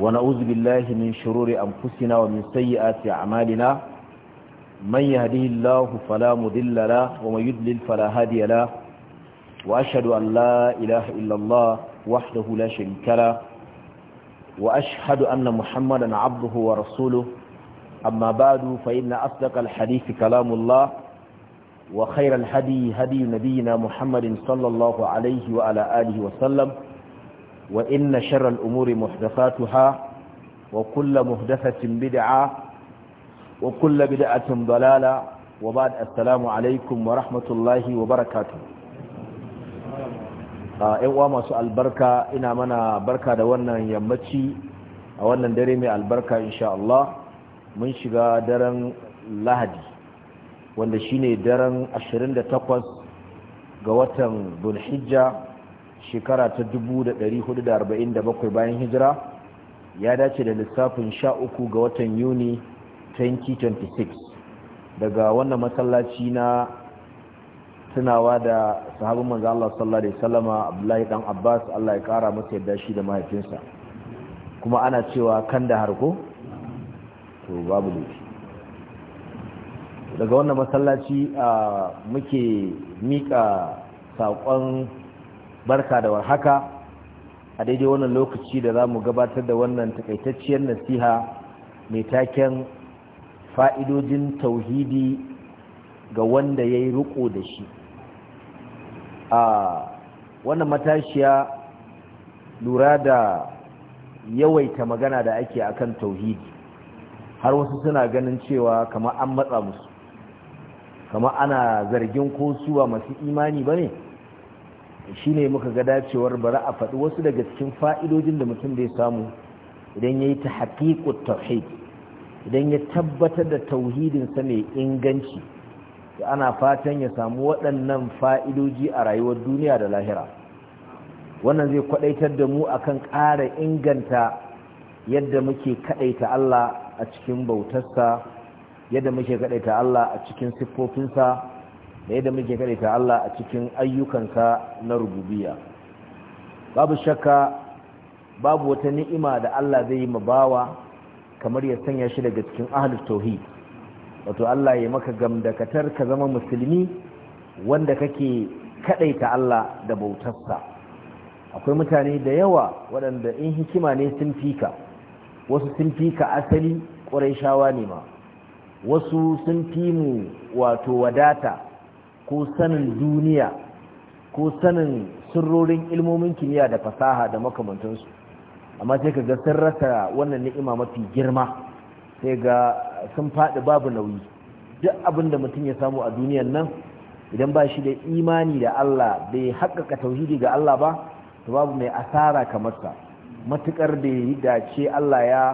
ونعوذ بالله من شرور أنفسنا ومن سيئات أعمالنا من يهده الله فلا مذل له ومن يدلل فلا هادي له وأشهد أن لا إله إلا الله وحده لا شريك له وأشهد أن محمدا عبده ورسوله أما بعد فإن أصدق الحديث كلام الله وخير الهدي هدي نبينا محمد صلى الله عليه وعلى آله وسلم وعلى آله وسلم وإن شر الأمور محدثاتها وكل محدثة بدعة وكل بدعة ضلالة وبعد السلام عليكم ورحمة الله وبركاته ‘yan uwa masu albarka ina mana barka da wannan yammaci a wannan dare mai albarka insha Allah mun shiga daren lahadi wanda shine daren 28 ga watan bulhijja shekara ta 1447 bayan hijira ya dace da lissafin uku ga watan yuni 2026 daga wannan masallaci na tunawa da sahabin manzo Allah sallallahu alaihi wasallama Abdullahi dan Abbas Allah ya kara masa yadda shi da mahaifinsa kuma ana cewa kan da harko to babu laifi daga wannan masallaci muke mika saƙon barka da warhaka a daidai wannan lokaci da za mu gabatar da wannan takaitacciyar nasiha mai taken fa'idojin tauhidi ga wanda ya yi riko da shi a wannan matashiya lura da yawaita magana da ake akan tauhidi har wasu suna ganin cewa kamar an matsa musu kamar ana zargin ko suwa masu imani ba ne shi ne muka ga dacewar bara a faɗi wasu daga cikin fa'idojin da mutum da ya samu idan ya yi ta haƙiƙun tauhid idan ya tabbatar da tauhidinsa mai inganci da ana fatan ya samu waɗannan fa'idoji a rayuwar duniya da lahira wannan zai kwaɗaitar da mu akan ƙara inganta yadda muke kaɗaita Allah a cikin bautarsa yadda muke kaɗaita Allah a cikin siffofinsa da yadda muke ta Allah a cikin ayyukansa na rububiyya babu shakka babu wata ni'ima da Allah zai yi ma bawa kamar ya sanya shi daga cikin ahlul tauhid wato Allah ya maka gamdakatar ka zama musulmi wanda kake kadaita Allah da bautarsa akwai mutane da yawa waɗanda in hikima ne sun fika wasu sun fika asali ƙurai shawa ne ma wasu sun fi mu wato wadata ko sanin duniya ko sanin sirrorin ilmomin kimiyya da fasaha da makamantansu amma sai ka ga sun rasa wannan ni'ima mafi girma sai ga sun faɗi babu nauyi duk abin da mutum ya samu a duniyan nan idan ba shi da imani da Allah bai haƙƙaƙa tauhidi ga Allah ba to babu mai asara kamar sa matukar da yi dace Allah ya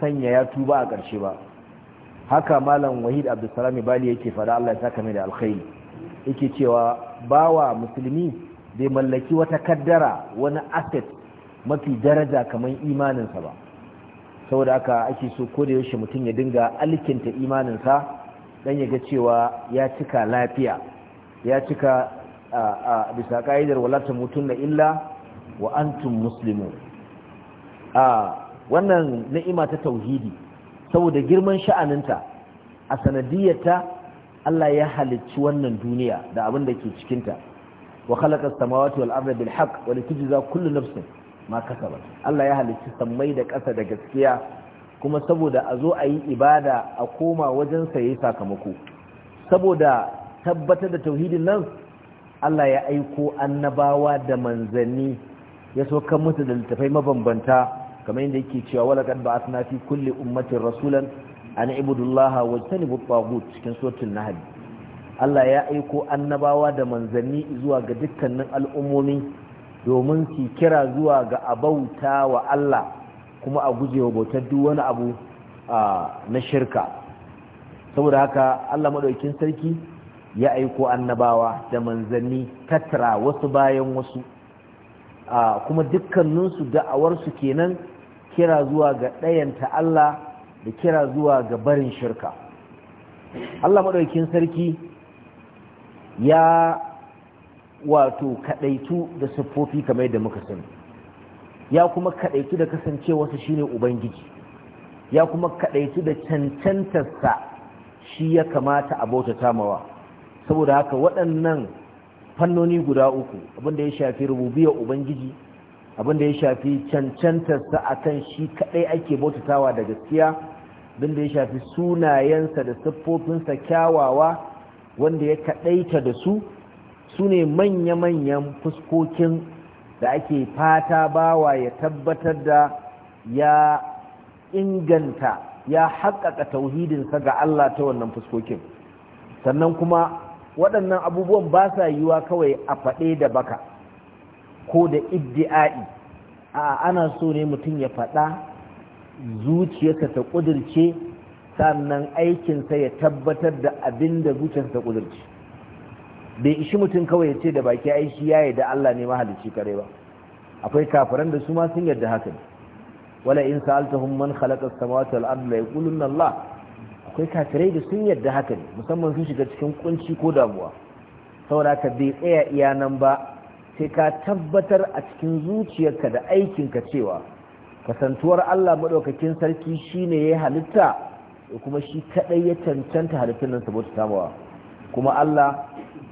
sanya ya tuba a ƙarshe ba haka malam wahid abdulsalam bali yake faɗa Allah ya saka mai da alkhairi yake cewa bawa musulmi bai mallaki wata kaddara wani asset mafi daraja kamar imaninsa ba saboda haka ake so ko da yaushe mutum ya dinga alkinta imaninsa dan ya ga cewa ya cika lafiya ya cika a bisa ka'idar wala tamutunna illa wa antum muslimun a wannan ni'ima ta tauhidi saboda girman sha'aninta a sanadiyarta Allah ya halicci wannan duniya da abin da ke cikinta wa khalaqa as-samawati wal arda bil haqq wa litujza kullu nafsin ma kasabat Allah ya halicci sammai da ƙasa da gaskiya kuma saboda a zo a yi ibada a koma wajen sa yayi sakamako saboda tabbatar da tauhidin nan Allah ya aiko annabawa da manzanni ya saukar musu da littafai mabambanta kamar yadda yake cewa walaqad ba'athna fi kulli ummatin rasulan an ibudullaha wa tanibu tagut cikin sotin nahl Allah ya aiko annabawa da manzanni zuwa ga dukkanin al'ummomi domin su kira zuwa ga abauta wa Allah kuma a gujewa bautar duk wani abu na shirka saboda haka Allah madaukakin sarki ya aiko annabawa da manzanni tattara wasu bayan wasu kuma dukkaninsu da'awarsu kenan kira zuwa ga ɗayanta Allah da kira zuwa ga barin shirka Allah maɗaukin sarki ya wato kaɗaitu da siffofi kamar yadda muka sani ya kuma kaɗaitu da kasancewarsa shine ubangiji ya kuma kaɗaitu da cancantarsa shi ya kamata a bauta tamawa saboda haka waɗannan fannoni guda uku abinda ya shafi rububiyar ubangiji abin da ya shafi cancantarsa a kan shi kaɗai ake bautatawa da gaskiya abin ya shafi sunayensa da siffofinsa kyawawa wanda ya kaɗaita da su su ne manya-manyan fuskokin da ake fata bawa ya tabbatar da ya inganta ya haƙaƙa tauhidinsa ga Allah ta wannan fuskokin sannan kuma waɗannan abubuwan ba sa yiwa kawai a faɗe da baka ko da iddi'ai a ana so ne mutum ya faɗa zuciyarsa ta ƙudurce sannan aikinsa ya tabbatar da abin da zuciyarsa ta ƙudurce bai ishi mutum kawai ya ce da baki ai shi yayi da Allah ne mahalicci kare ba akwai kafiran da su ma sun yarda haka ne wala in sa'altahum man khalaqa as-samawati wal arda la yaquluna Allah akwai kafirai da sun yarda haka ne musamman sun shiga cikin kunci ko damuwa saboda ka bai tsaya iya nan ba sai ka tabbatar a cikin zuciyarka da aikinka cewa kasantuwar Allah maɗaukakin sarki shine ya halitta kuma shi kaɗai ya cancanta halittun nan saboda kuma Allah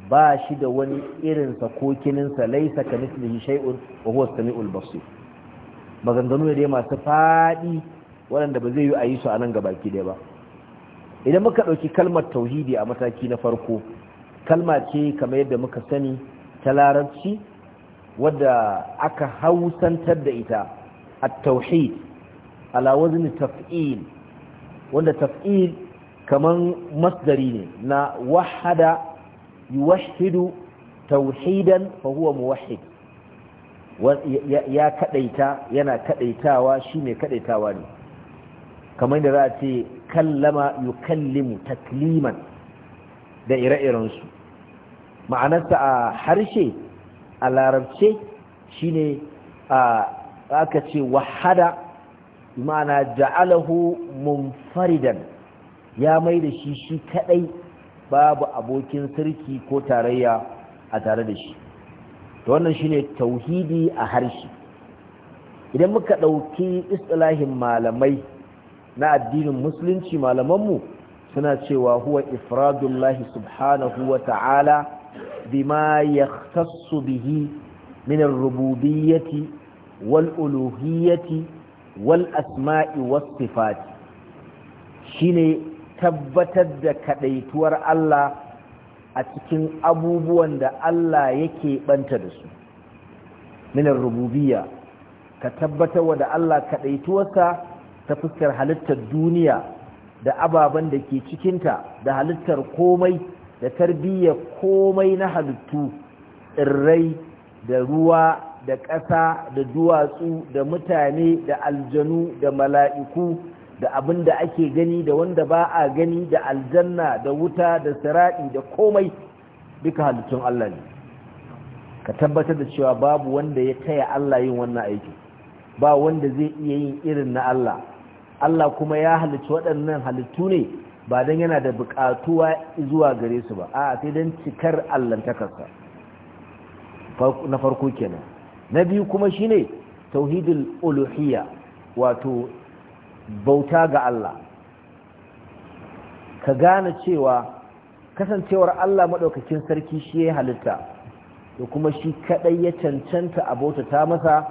ba shi da wani irinsa ko laisa ka mislihi shay'un wa huwa samiul basir maganganu ne dai masu faɗi waɗanda ba zai yi a yi su a nan gaba dai ba idan muka ɗauki kalmar tauhidi a mataki na farko kalma ce kamar yadda muka sani ta larabci wadda aka hausantar da ita a tauhid ala wazni taf'il wanda taf'il kaman masdari ne na wahada yuwahhidu tauhidan fa huwa ya kadaita yana kadaitawa shi mai kadaitawa ne kamar da za a ce kallama yukallimu takliman da ire-irensu ma'anarsa a harshe a larabce shine aka ce wahada ma'ana ja'alahu munfaridan ya mai da shi shi kadai babu abokin sarki ko tarayya a tare da shi to wannan shine tauhidi a harshe idan muka ɗauki istilahin malamai na addinin musulunci malamanmu suna cewa huwa ifradullahi subhanahu wa ta'ala بما يختص به من الربوبية والألوهية والأسماء والصفات شيني tabbatar da kadaituwar Allah a cikin abubuwan da Allah yake banta da su minar rububiya ka tabbatar da Allah kadaituwarsa ta fuskar halittar duniya da ababen da ke cikinta da halittar komai da tarbiyya komai na halittu irrai, da ruwa da ƙasa da duwatsu da mutane da aljanu da mala'iku da abin da ake gani da wanda ba a gani da aljanna da wuta da sira'i da komai duka halittun Allah ne ka tabbatar da cewa babu wanda ya taya Allah yin wannan aiki ba wanda zai iya yin irin na Allah Allah kuma ya halicci waɗannan halittu ne ba don yana da bukatuwa zuwa gare su ba a sai don cikar allantakarsa na farko kenan na biyu kuma shine tauhidul uluhiyya wato bauta ga Allah ka gane cewa kasancewar Allah maɗaukakin sarki shi ya halitta da kuma shi kaɗai ya cancanta a bautata masa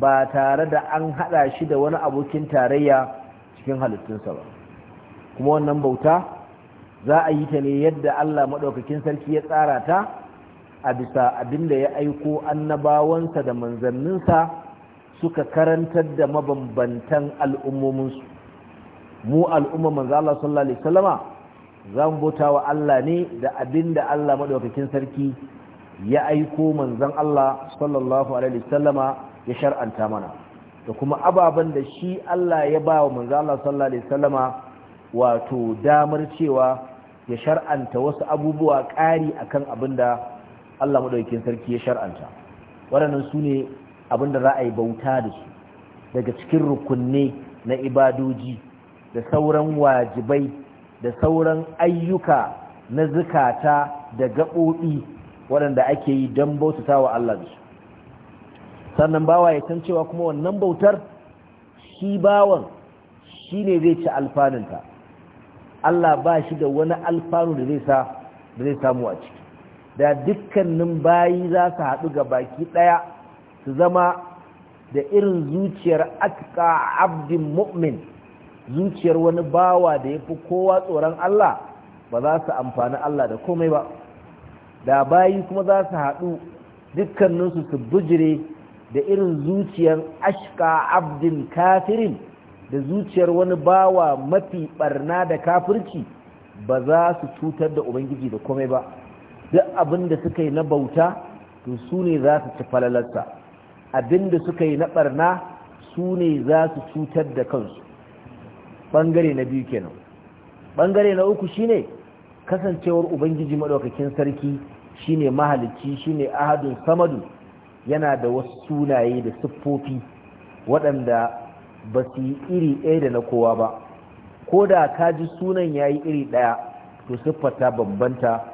ba tare da an haɗa shi da wani abokin tarayya cikin halittunsa ba kuma wannan bauta za a yi ta ne yadda Allah maɗaukakin sarki ya tsara ta a bisa abinda ya aiko annabawansa da manzanninsa suka karantar da mabambantan al'ummominsu mu al'umma manzo Allah sallallahu alaihi wasallama za mu bauta wa Allah ne da abinda Allah maɗaukakin sarki ya aiko manzan Allah sallallahu alaihi wasallama ya shar'anta mana da kuma ababen da shi Allah ya ba wa manzo Allah sallallahu alaihi wasallama wato damar cewa ya shar'anta wasu abubuwa ƙari akan abin da Allah maɗaukin sarki ya shar'anta waɗannan su ne abin za a yi bauta da su daga cikin rukunne na ibadoji da sauran wajibai da sauran ayyuka na zukata da gaɓoɓi waɗanda ake yi don bautata wa Allah da su sannan bawa ya san cewa kuma wannan bautar shi bawan shi ne zai ci alfanunta. Allah ba shi da wani alfanu da zai sa da zai samu a ciki da dukkanin bayi za su haɗu ga baki ɗaya su zama da irin zuciyar atka abdin mu'min zuciyar wani bawa da ya fi kowa tsoron Allah ba za su amfani Allah da komai ba da bayi kuma za su haɗu dukkaninsu su bujire da irin zuciyar ashka abdin kafirin da zuciyar wani bawa mafi barna da kafirci ba za su cutar da ubangiji da komai ba duk abin da suka yi na bauta to su ne za su ci falalarsa abin da suka yi na barna su ne za su cutar da kansu ɓangare na biyu kenan ɓangare na uku shine kasancewar ubangiji maɗaukakin sarki shine mahalicci shine ahadun samadu yana da wasu sunaye da siffofi waɗanda ba su yi iri ɗaya da na kowa ba ko da ka ji sunan ya yi iri ɗaya to siffata bambanta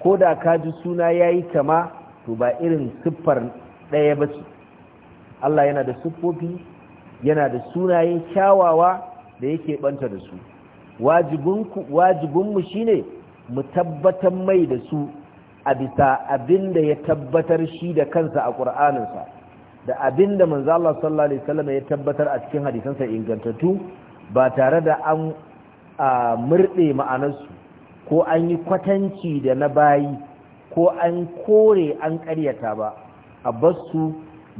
ko da ka ji suna ya yi kama to ba irin siffar ɗaya ba ce Allah yana da siffofi yana da sunayen kyawawa da yake banta da su wajibinmu ne mu tabbatar mai da su a bisa abin da ya tabbatar shi da kansa a ƙur'aninsa da abin da manzo Allah sallallahu alaihi wasallam ya tabbatar a cikin hadisansa ingantattu ba tare da an murde ma'anarsu ko an yi kwatanci da na bayi ko an kore an karyata ba a basu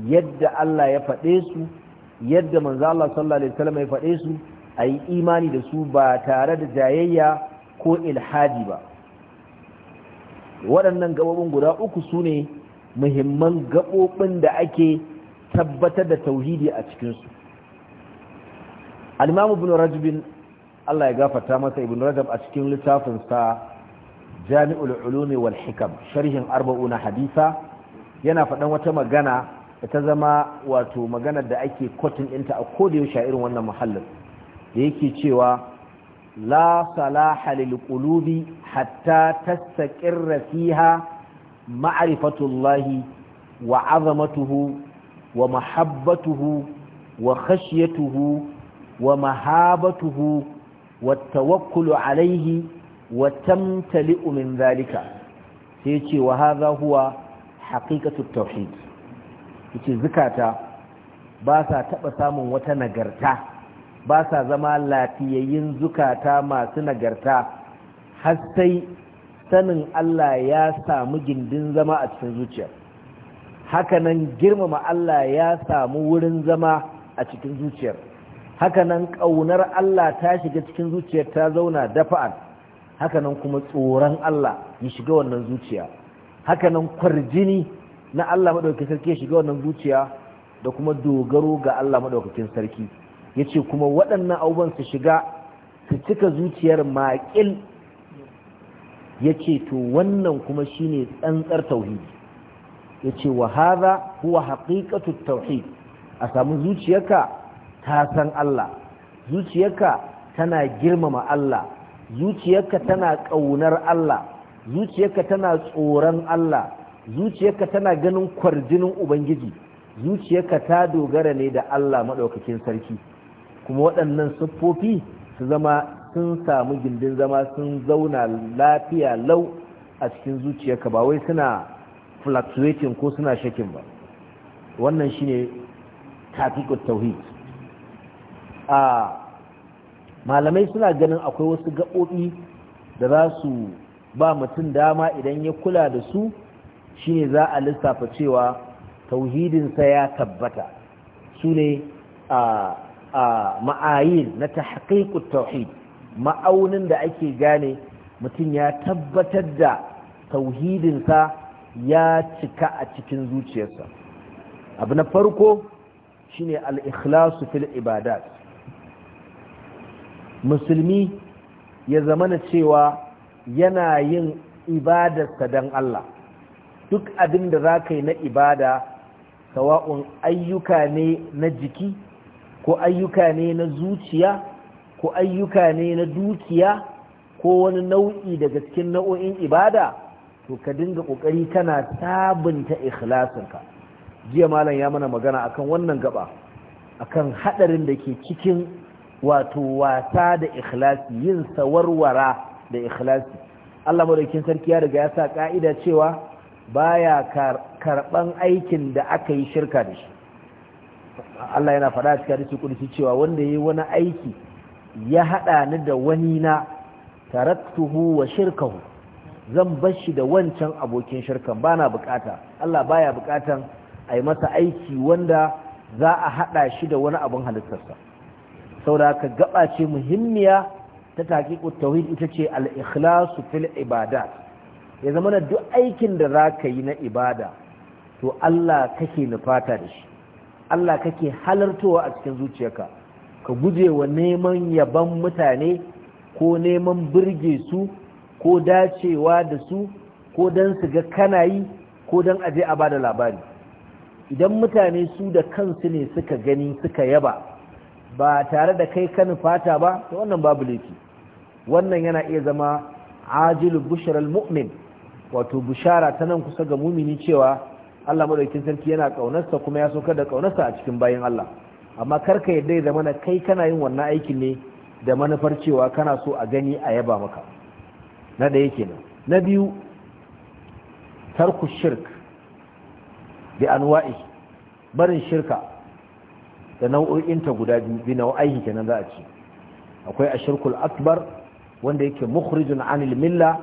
yadda Allah ya faɗe su yadda manzo Allah sallallahu alaihi wasallam ya faɗe su a yi imani da su ba tare da jayayya ko ilhadi ba waɗannan gaɓoɓin guda uku su ne muhimman gaɓoɓin da ake tabbatar da tauhidi a cikinsu al bin ibn Allah ya gafarta masa ibn rajab a cikin littafin sa jami'ul ulumi wal hikam sharhin arba'una hadisa yana faɗan wata magana da ta zama wato maganar da ake kotun inta a koda a irin wannan muhallin da yake cewa la salaha lil qulubi hatta tastaqirra fiha ma'rifatullahi wa azamatuhu wa mahabbatuhu wa khashyatuhu wa mahabatuhu wa tawakkulu alaihi wa tamtali'u min zalika sai ce wa hadha huwa haqiqatu tawhid yace zakata ba sa taba samun wata nagarta ba sa zama lafiyayyin zukata masu nagarta har sai sanin Allah ya samu gindin zama a cikin zuciyar hakanan girmama Allah ya samu wurin zama a cikin zuciyar hakanan ƙaunar Allah ta shiga cikin zuciyar ta zauna dafa'an hakanan kuma tsoron Allah ya shiga wannan zuciya hakanan kwarjini na Allah madaukakin sarki ya shiga wannan zuciya da kuma dogaro ga Allah maɗaukakin sarki yace kuma waɗannan abubuwan su shiga su cika zuciyar maƙil yace to wannan kuma shine tsantsar tauhidi yace wa hadha huwa haqiqatu tauhid a samu zuciyarka ta san Allah zuciyarka tana girmama Allah zuciyarka tana ƙaunar Allah zuciyarka tana tsoron Allah zuciyarka tana ganin kwarjinin ubangiji zuciyarka ta dogara ne da Allah maɗaukakin sarki kuma waɗannan siffofi su zama sun samu gindin zama sun zauna lafiya lau a cikin zuciyarka ba wai suna fluctuating ko suna shakin ba wannan shine taqiqut tauhid a malamai suna ganin akwai wasu gaɓoɓi da za su ba mutum dama idan ya kula da su shine za a lissafa cewa tauhidinsa ya tabbata su ne a ma'ayin na tahqiqut tauhid ma'aunin da ake gane mutum ya tabbatar da tauhidinsa ya cika a cikin zuciyarsa abu na farko shine al-ikhlasu fil ibadat musulmi ya zamana cewa yana yin ibadarsa don Allah duk abin da za ka yi na ibada sawa'un ayyuka ne na jiki ko ayyuka ne na zuciya ko ayyuka ne na dukiya ko wani nau'i daga cikin nau'o'in ibada to ka dinga kokari kana sabunta ikhlasinka jiya malam ya mana magana akan wannan gaba akan hadarin da ke cikin wato wasa da ikhlasi yin sawarwara da ikhlasi Allah madaukin sarki ya riga ya sa ka'ida cewa baya karban aikin da aka yi shirka da shi Allah yana faɗa cikin hadisi kudusi cewa wanda yayi wani aiki ya hada ni da wani na taraktuhu wa shirkahu zan bar shi da wancan abokin shirkan na bukata Allah baya bukatan a yi masa aiki wanda za a haɗa shi da wani abun halittarsa saboda ka gaba ce muhimmiya ta taƙi tauhid ita ce al-ikhlasu fil ibada. ya zama na duk aikin da za ka yi na ibada to Allah kake nufata da shi Allah kake halartowa a cikin zuciyarka ka guje wa neman yaban mutane ko neman birge su ko dacewa da su ko don su ga kana yi ko don aje a bada labari idan mutane su da kansu ne suka gani suka yaba ba tare da kai kan fata ba to wannan babu laifi wannan yana iya zama ajilu bushral mu'min wato bushara ta nan kusa ga mumini cewa Allah madaukakin sarki yana ƙaunarsa kuma ya saukar da kaunarsa a cikin bayan Allah amma karka yadda ya zama kai kana yin wannan aikin ne da manufar cewa kana so a gani a yaba maka na ɗaya kenan na biyu tarku shirk bi anwa'i barin shirka da nau'o'inta guda biyu bi nau'aihi kenan za a ce akwai ashirkul akbar wanda yake mukhrijun anil milla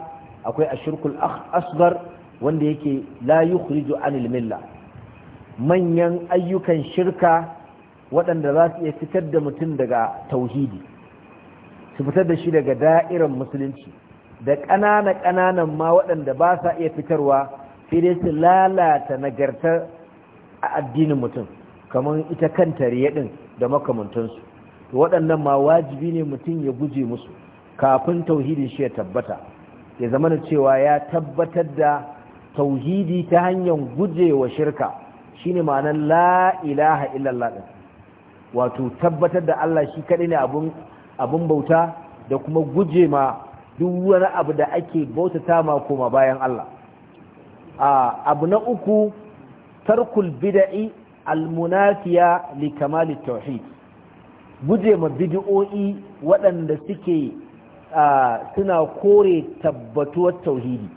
akwai ashirkul asgar wanda yake la yukhriju anil milla manyan ayyukan shirka waɗanda za su iya fitar da mutum daga tauhidi su fitar da shi daga da'irar musulunci da ƙanana ƙananan ma waɗanda ba sa iya fitarwa sai dai su lalata nagartar a addinin mutum kamar ita kanta riya ɗin da makamantansu to waɗannan ma wajibi ne mutum ya guje musu kafin Tauhidi shi ya tabbata ya zama da cewa ya tabbatar da tauhidi ta hanyar gujewa shirka shine ma'anar la ilaha illallah ɗin wato tabbatar da Allah shi kaɗai ne abun bauta da kuma guje ma duk wani abu da ake bautata ma koma bayan Allah abu na uku tarkul bida'i almunafiya li kamali tauhid guje ma bid'o'i waɗanda suke suna kore tabbatuwar tauhidi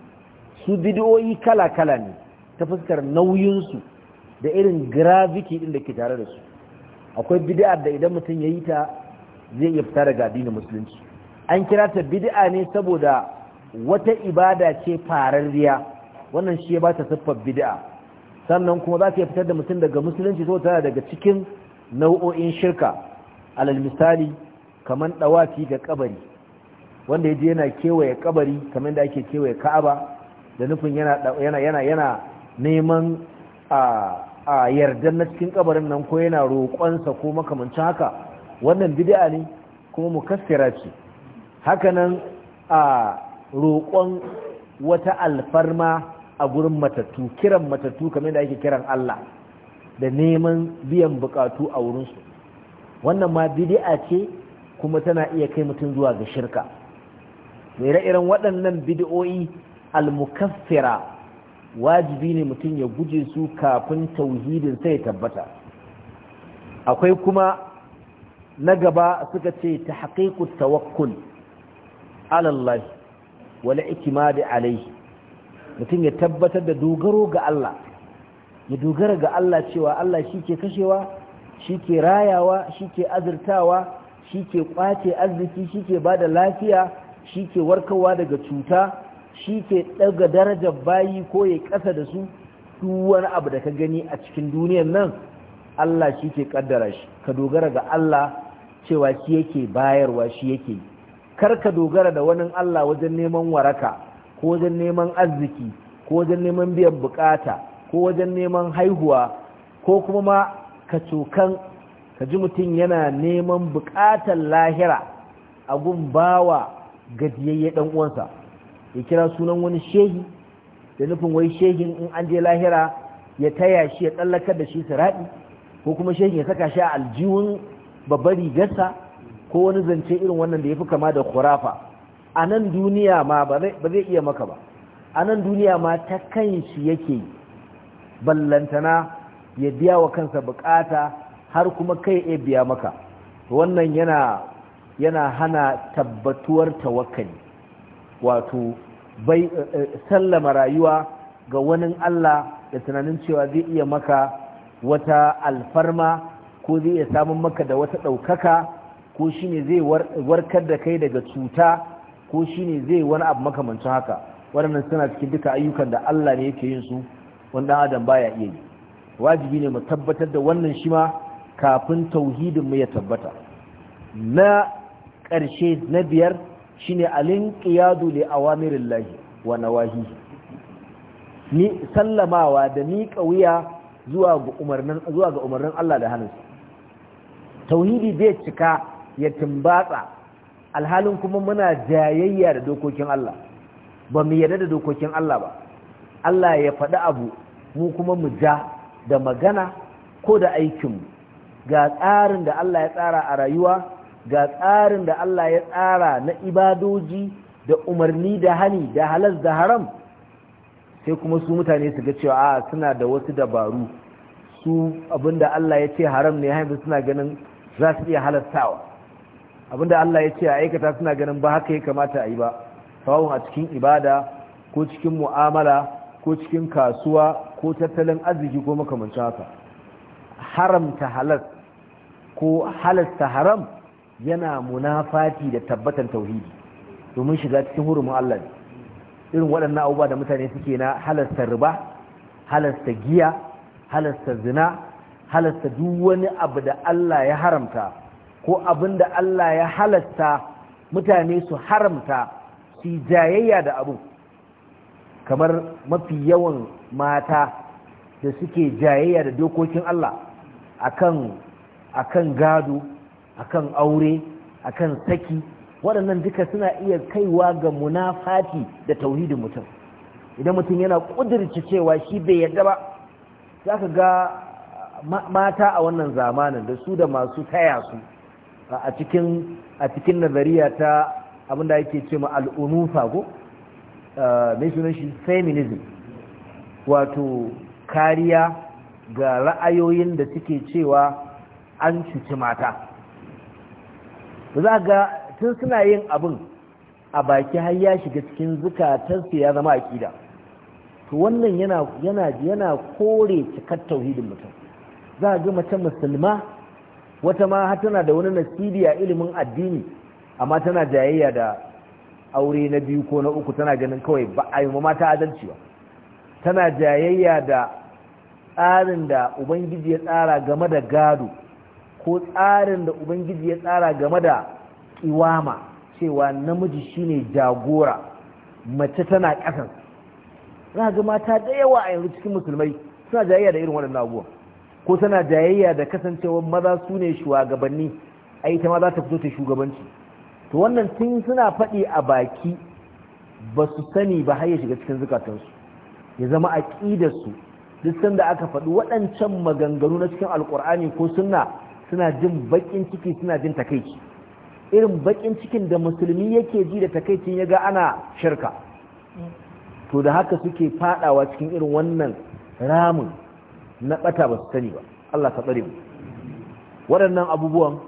su bid'o'i kala-kala ne ta fuskar nauyinsu da irin gravity ɗin da ke tare da su akwai bid'ar da idan mutum ya yi ta zai iya fita daga addinin musulunci an kira ta bid'a ne saboda wata ibada ce fararriya wannan shi ya ba ta siffar bid'a sannan kuma za ta fitar da mutum daga musulunci to tana daga cikin nau'o'in shirka alal misali kaman dawafi ga kabari wanda ya je yana kewaye kabari kamar da ake kewaye ka'aba da nufin yana yana yana yana neman a a yardan na cikin kabarin nan ko yana roƙonsa ko makamancin haka wannan bid'a ne kuma mukassira ce hakanan a roƙon wata alfarma a gurin matattu kiran matattu kamar da ake kiran Allah da neman biyan bukatu a wurin su, wannan ma bid'a ce kuma tana iya kai mutum zuwa ga shirka ire-iren waɗannan bid'o'i al-mukaffira wajibi ne mutum ya guje su kafin tauhidin sai tabbata akwai kuma na gaba suka ce ta tawakkul alallahi wala ikimadi alaihi mutum ya tabbatar da dogaro ga Allah ya dogara ga Allah cewa Allah shi ke kashewa shi ke rayawa shi ke azurtawa shi ke kwace arziki shi ke ba da lafiya shi ke warkarwa daga cuta shi ke daga darajar bayi ko ya kasa da su duk wani abu da ka gani a cikin duniyar nan Allah shi ke ƙaddara shi ka dogara ga Allah cewa shi yake bayarwa shi yake yi kar ka dogara da wani Allah wajen neman waraka ko wajen neman arziki ko wajen neman biyan bukata ko wajen neman haihuwa ko kuma ma ka cokan ka ji mutum yana neman bukatar lahira a gun bawa gajiyayye dan uwansa ya kira sunan wani shehi da nufin wai shehin in an je lahira ya taya shi ya tsallakar da shi siraɗi ko kuma shehin ya saka shi a aljihun babbar rigarsa ko wani zance irin wannan da ya fi kama da kurafa a nan duniya ma ba zai iya maka ba a nan duniya ma ta kan shi yake ballantana ya biya wa kansa bukata har kuma kai ya biya maka wannan yana yana hana tabbatuwar tawakkali wato bai eh, eh, sallama rayuwa ga wani Allah da tunanin cewa zai iya maka wata alfarma ko zai iya samun maka da wata ɗaukaka ko shine zai warkar da kai daga cuta ko shine zai wani abu makamancin haka waɗannan suna cikin duka ayyukan da Allah ne yake yin su wanda adam baya iya yi wajibi ne mu tabbatar da wannan shi ma kafin tauhidin mu ya tabbata na ƙarshe na biyar shine da li awamirillahi wa nawahihi ni sallamawa da miƙa wuya zuwa ga umarnin Allah da hannunsa tauhidi bai cika ya tumbatsa alhalin kuma muna jayayya da dokokin Allah ba mu yarda da dokokin Allah ba Allah ya faɗi abu mu kuma mu ja da magana ko da aikinmu ga tsarin da Allah ya tsara a rayuwa ga tsarin da Allah ya tsara na ibadoji da umarni da hani da halas da haram sai kuma su mutane su ga cewa a suna da wasu dabaru su abinda Allah ya ce haram ne haifin suna ganin za su iya halastawa abinda Allah ya ce a aikata suna ganin ba haka ya kamata a yi ba sawun a cikin ibada ko cikin mu'amala ko cikin kasuwa ko tattalin arziki ko makamancin haka haramta halal ko halasta haram yana munafati da tabbatan tauhidi domin shiga cikin hurumin Allah ne irin waɗannan abubuwa da mutane suke na halasta riba halasta giya halasta zina halasta duk wani abu da Allah ya haramta ko abin da Allah ya halatta mutane su haramta su jayayya da abu kamar mafi yawan mata da suke jayayya da dokokin Allah akan gado akan aure akan saki waɗannan duka suna iya kaiwa ga munafati da tauhidin mutum idan mutum yana ƙudurci cewa shi bai yadda ba za ka ga mata a wannan zamanin da su da masu taya su a cikin a cikin nazariya ta abinda yake ce ma al'unufa ko mai shi feminism wato kariya ga ra'ayoyin da suke cewa an cuci mata za ga tun suna yin abin a baki har ya shiga cikin zukatarsu ya zama akida to wannan yana kore cikar tauhidin mutum za ga mace musulma wata ma har tana da wani nasibi a ilimin addini amma tana jayayya da aure na biyu ko na uku tana ganin kawai ba a yi mata adalci ba tana jayayya da tsarin da ubangiji ya tsara game da gado ko tsarin da ubangiji ya tsara game da kiwama cewa namiji shine jagora mace tana ƙasa za ga mata da yawa a yanzu cikin musulmai suna jayayya da irin waɗannan abubuwan ko tana jayayya da kasancewar maza su ne shugabanni a ita ma za ta fito ta shugabanci to wannan tun suna faɗi a baki ba su sani ba har ya shiga cikin zukatansu ya zama a su duk sanda aka faɗi waɗancan maganganu na cikin alƙur'ani ko sunna suna jin baƙin ciki suna jin takaici irin baƙin cikin da musulmi yake ji da takaicin ya ga ana shirka to da haka suke faɗawa cikin irin wannan ramin na ɓata ba su sani ba Allah ta tsare mu waɗannan abubuwan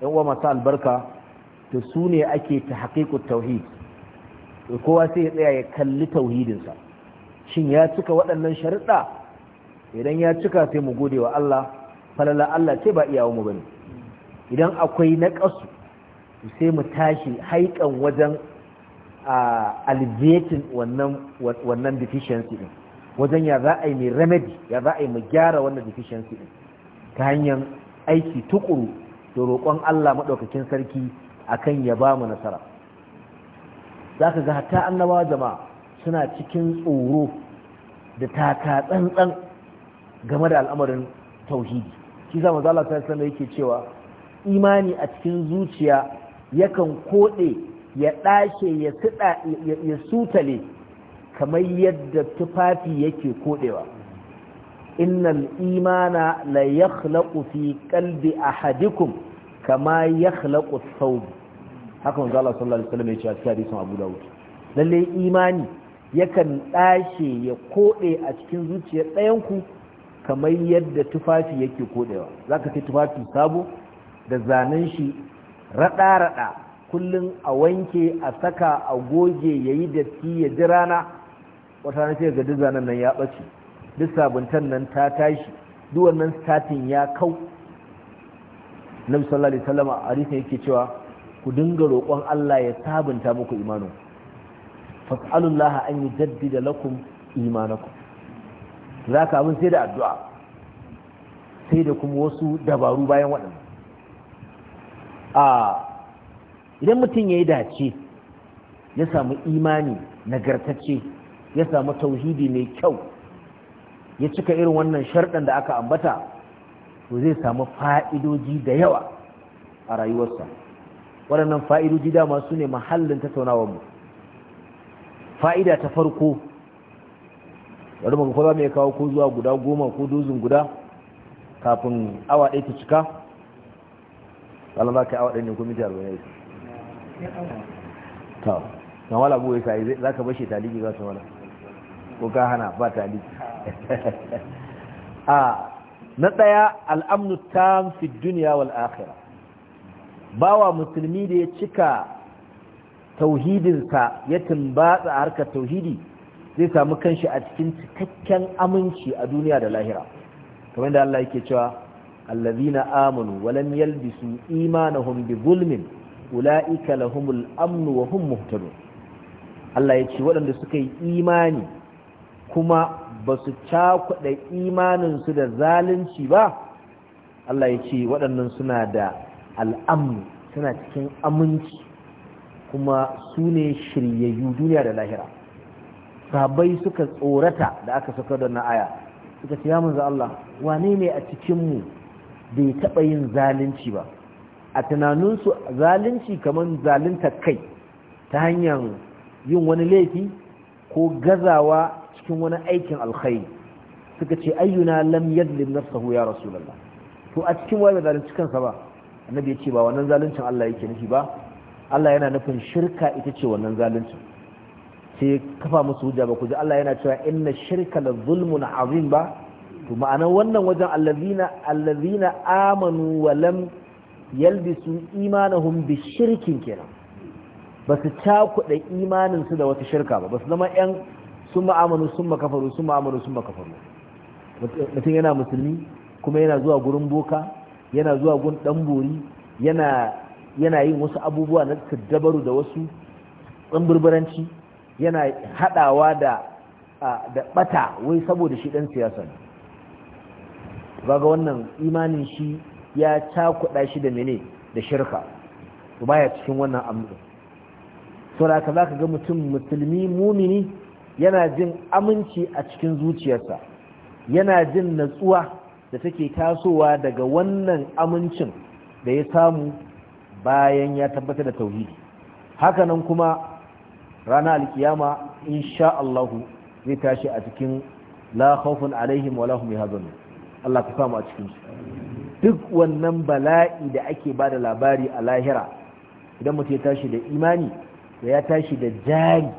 yan uwa masu albarka ta su ne ake ta haƙiƙun tauhid kowa sai ya tsaya ya kalli tauhidinsa shin ya cika waɗannan sharuɗa idan ya cika sai mu gode wa Allah falala Allah ce ba iyawo mu bane idan akwai na ƙasu sai mu tashi haikan wajen albiyatin wannan deficiency din wajen ya za a yi mai remedy ya za a yi mai gyara wannan deficiency din ta hanyar aiki tukuru da roƙon Allah maɗaukakin sarki akan ya ba mu nasara za ka ga hatta annabawa jama'a suna cikin tsoro da taka tsantsan game da al'amarin tauhidi shi za mu zala ta sanda yake cewa imani a cikin zuciya yakan koɗe ya ɗashe ya sutale kamar yadda tufafi yake kodewa innal imana la yakhlaqu fi qalbi ahadikum kama yakhlaqu thawb haka manzo Allah sallallahu alaihi wasallam ya ce a cikin hadisin Abu Dawud lalle imani yakan dashe ya kode a cikin zuciyar ɗayan ku kamar yadda tufafi yake kodewa zaka ce tufafi sabo da zanen shi rada rada kullum a wanke a saka a goge yayi datti ya ji rana wata na ce ga duk zanen nan ya ɓace duk sabuntan nan ta tashi duk wannan statin ya kau nabi sallallahu alaihi wasallam a hadisin yake cewa ku dinga roƙon Allah ya sabunta muku imanin fas'alullah an yujaddida lakum imanakum zaka abin sai da addu'a sai da kuma wasu dabaru bayan waɗannan a idan mutum ya yi dace ya samu imani nagartacce ya samu tauhidi mai kyau ya cika irin wannan sharɗan da aka ambata to zai samu fa'idoji da yawa a rayuwarsa waɗannan fa'idoji dama su ne mahallin tattaunawarmu fa'ida ta farko bari mu kuma mai kawo ko zuwa guda goma ko dozin guda kafin awa ɗaya ta cika ƙalan za ka yi awa ɗaya ne ko mita ya yi ta wala buwai sa za ka bashe talibi za ta wala ko ka hana ba ta a na tsaya al'amnu ta fi duniya wal akhira bawa musulmi da ya cika tauhidinsa ya tumbatsa a harkar tauhidi zai samu kanshi a cikin cikakken aminci a duniya da lahira kamar da Allah yake cewa allazina amanu wa lam yalbisu imanahum bi zulmin ulaika lahumul amnu wa hum muhtadun Allah ya ce waɗanda suka yi imani kuma ba su cakuɗa imaninsu da zalunci ba Allah ya ce waɗannan suna da al'amni suna cikin aminci kuma su ne shiryayyu duniya da lahira sabai suka tsorata da aka saka da na aya suka ce ya Allah wane ne a cikinmu bai taɓa yin zalunci ba a tunaninsu zalunci kamar zalunta kai ta hanyar yin wani laifi ko gazawa cikin wani aikin alkhairi suka ce ayyuna lam yadlim nafsahu ya rasulullah to a cikin wani zalunci kansa ba annabi ya ce ba wannan zaluncin Allah yake nufi ba Allah yana nufin shirka ita ce wannan zaluncin sai kafa musu hujja ba ku ji Allah yana cewa inna shirka la zulmun azim ba to ma'ana wannan wajen allazina allazina amanu wa lam yalbisu imanahum bi shirkin kenan ba su cakuɗa imaninsu da wata shirka ba ba su zama 'yan sun ma'amanu sun makafaru sun ma'amanu sun makafaru mutum yana musulmi kuma yana zuwa gurin boka yana zuwa gun dan bori yana yin wasu abubuwa na tattabaru da wasu ɗan burburanci yana haɗawa da ɓata wai saboda shi ɗan siyasa ga wannan imanin shi ya cakuɗa shi da mene da shirka baya cikin wannan amma saboda za ka ga mutum musulmi mumini yana jin aminci a cikin zuciyarsa yana jin natsuwa da take tasowa daga wannan amincin da ya samu bayan ya tabbatar da tauhidi hakanan kuma rana alkiyama insha Allah zai tashi a cikin la khawfun alaihim wa lahum yahzanun Allah ka samu a cikin su duk wannan bala'i da ake ba da labari a lahira idan mutum ya tashi da imani da ya tashi da jari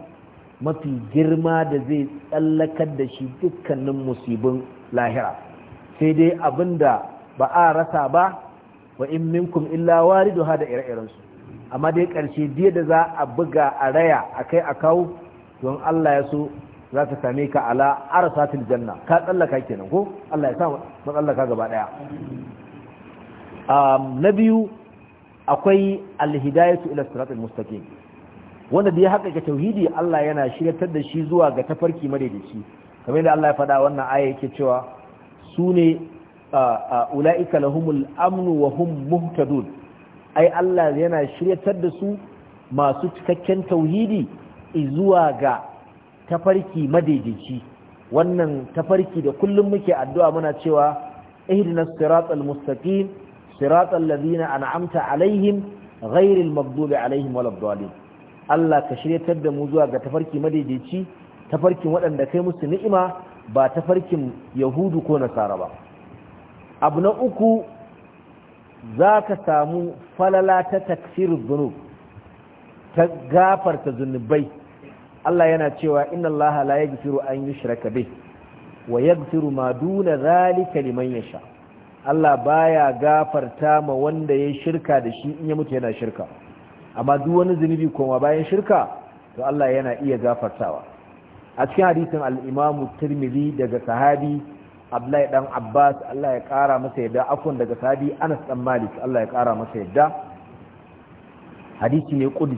mafi girma da zai tsallakar da shi dukkanin musibin lahira sai dai abinda ba a rasa ba wa in minkum illa ha da ire su amma dai ƙarshe biya da za a buga a raya a kai a kawo don Allah ya so za ta same ka ala arsatil janna ka tsallaka kenan ko Allah ya sa matsallaka gaba daya na biyu akwai alhidayatu ila siratul mustaqim wanda da ya haƙaƙa tauhidi Allah yana shiryatar da shi zuwa ga tafarki madaidaici kamar da Allah ya faɗa wannan aya yake cewa su ne ula'ika lahumul amnu wa hum muhtadun ai Allah yana shiryatar da su masu cikakken tauhidi zuwa ga tafarki madaidaici wannan tafarki da kullum muke addu'a muna cewa ihdinas siratal mustaqim siratal ladina an'amta alaihim ghairil maghdubi alaihim waladdallin Allah ka shiryatar da mu zuwa ga tafarki madaidaici tafarkin waɗanda kai musu ni'ima ba tafarkin yahudu ko nasara ba abu na uku za ka samu falala ta takfir zunub ta gafarta zunubai Allah yana cewa inna Allah la yaghfiru an yushraka bih wa yaghfiru ma duna zalika liman yasha Allah baya gafarta ma wanda ya shirka da shi in ya mutu yana shirka amma duk wani zunubi koma bayan shirka to Allah yana iya gafartawa a cikin hadisin al-Imam Tirmidhi daga sahabi Abdullahi dan Abbas Allah ya kara masa yadda akon daga sahabi Anas dan Malik Allah ya kara masa yadda hadisi ne qudsi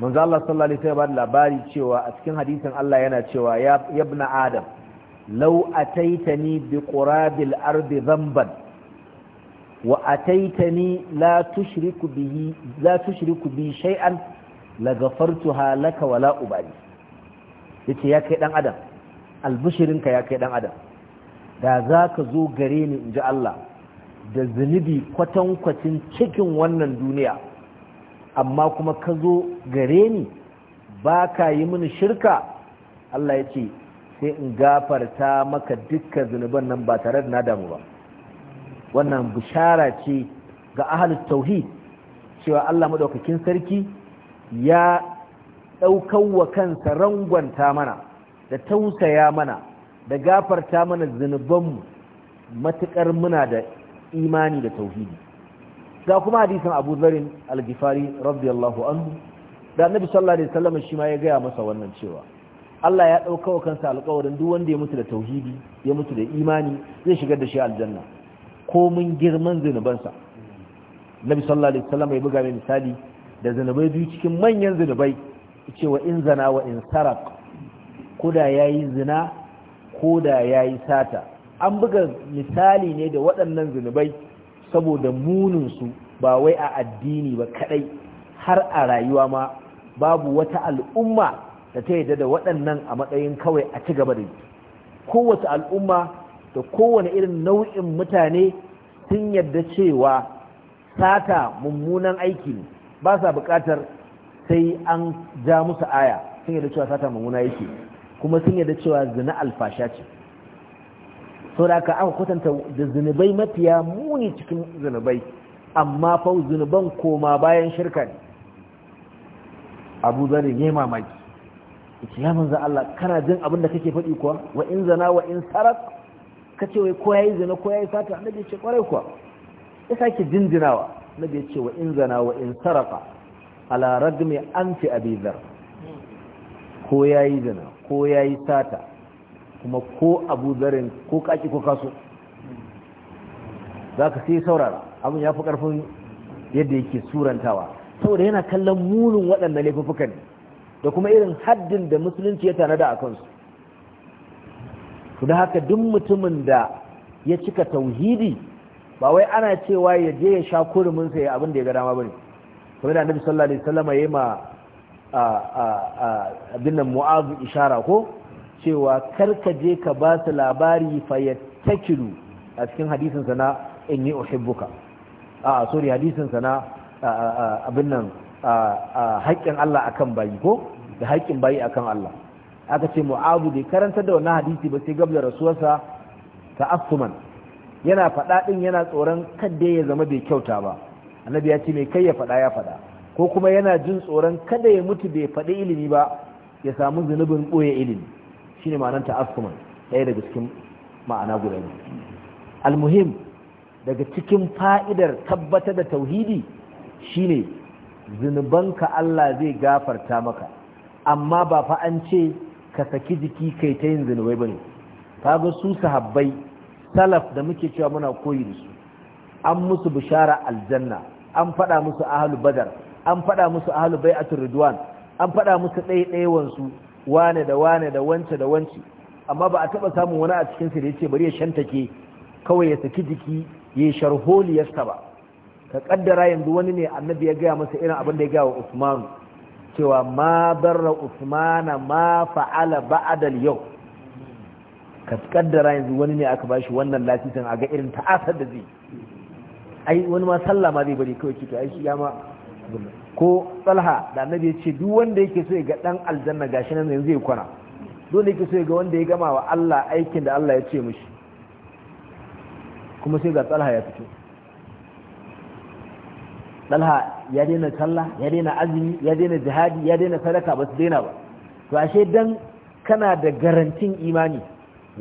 manzo Allah sallallahu alaihi wasallam labari cewa a cikin hadisin Allah yana cewa ya ibn Adam law ataitani bi qurabil ardi dhanban wa ataitani la tushriku bihi la tushriku bi shay'an la ghafartuha wala ubali yace ya kai dan adam ka ya kai dan adam da zaka zo gare ni inji Allah da zunubi kwatankwacin cikin wannan duniya amma kuma ka zo gare ni ba yi mini shirka Allah yace sai in gafarta maka dukkan zunuban nan ba tare da na damu ba wannan bishara ce ga ahalus tauhid cewa Allah madaukakin sarki ya ɗaukar wa kansa rangwanta mana da tausaya mana da gafarta mana zunubanmu matuƙar muna da imani da tauhidi ga kuma hadisin abu zarin al-gifari radiyallahu anhu da annabi sallallahu alaihi wasallam shi ma ya gaya masa wannan cewa Allah ya ɗaukawa wa kansa alƙawarin duk wanda ya mutu da tauhidi ya mutu da imani zai shigar da shi aljanna komin girman zinubansa nabi sallallahu alaihi wasallam ya buga mai misali da zinubai biyu cikin manyan zinubai cewa in zana wa in sarak koda yayi zina koda yayi sata an buga misali ne da waɗannan zinubai saboda munin su ba wai a addini ba kadai har a rayuwa ma babu wata al'umma da ta yadda da waɗannan a matsayin kawai a ci gaba da yi kowace al'umma da kowane irin nau'in mutane sun yadda cewa sata mummunan aiki ne ba sa buƙatar sai an ja musu aya sun yadda cewa sata mummuna yake kuma sun yadda cewa zina alfasha ce sau da aka aka kwatanta da zunubai mafiya muni cikin zunubai amma fa zunuban koma bayan shirka ne abu zarin ne mamaki ya manza Allah kana jin abin da kake faɗi kuwa wa in zana wa in sarak Ka ce wai ko yayi zina ko yayi fata annabi ya ce kwarai kuwa ya sake jinjinawa annabi ya ce wa in zana wa in sarafa ala ragmi anfi abi dhar ko yayi zina ko yayi sata kuma ko abu zarin ko kaki ko kaso ka sai saurara abin ya fi karfin yadda yake surantawa saboda yana kallon munin waɗannan laifuffukan da kuma irin haddin da musulunci ya tanada a kansu to haka duk mutumin da ya cika tauhidi ba wai ana cewa ya je ya sha kurumin sa ya abin da ya ga dama bane kuma da annabi sallallahu alaihi wasallam yayi ma a a a abin nan mu'az ishara ko cewa kar ka je ka ba su labari fa yattakilu a cikin hadisin sa na inni uhibbuka a sorry hadisin sa na abin nan haƙƙin Allah akan bayi ko da haƙƙin bayi akan Allah aka ce mu'abu bai karantar da wannan hadisi ba sai gabda rasuwarsa ta afkuman yana faɗa ɗin yana tsoron kadda ya zama bai kyauta ba annabi ya ce mai kai ya faɗa ya faɗa ko kuma yana jin tsoron kada ya mutu bai faɗi ilimi ba ya samu zunubin ɓoye ilimi shine ma'anar ta afkuman ɗaya daga cikin ma'ana guda ne almuhim daga cikin fa'idar tabbatar da tauhidi shine zunubanka Allah zai gafarta maka amma ba fa an ce ka saki jiki kai ta yin zinubai bane kaga su sahabbai salaf da muke cewa muna koyi da su an musu bishara aljanna an faɗa musu ahlu badar an faɗa musu ahlu a ridwan an faɗa musu ɗaya ɗaya wansu wane da wane da wance da wance amma ba a taɓa samun wani a cikin su da ce bari ya shantake kawai ya saki jiki ya sharholi ya saba. ka kaddara yanzu wani ne annabi ya gaya masa irin abin da ya gaya wa Usmanu cewa ma barra usmana ma fa'ala ba'adal yau ka kaddara yanzu wani ne aka bashi wannan lafisan a ga irin ta'asar da zai ai wani ma sallah ma zai bari kawai ce to ai shi ya ko tsalha da annabi ya ce duk wanda yake so ya ga dan aljanna gashi nan yanzu ya kwana dole yake so ya ga wanda ya gama wa Allah aikin da Allah ya ce mishi kuma sai ga tsalha ya fito talha ya daina sallah ya daina azumi ya daina jihadi ya daina sadaka ba su daina ba to ashe dan kana da garantin imani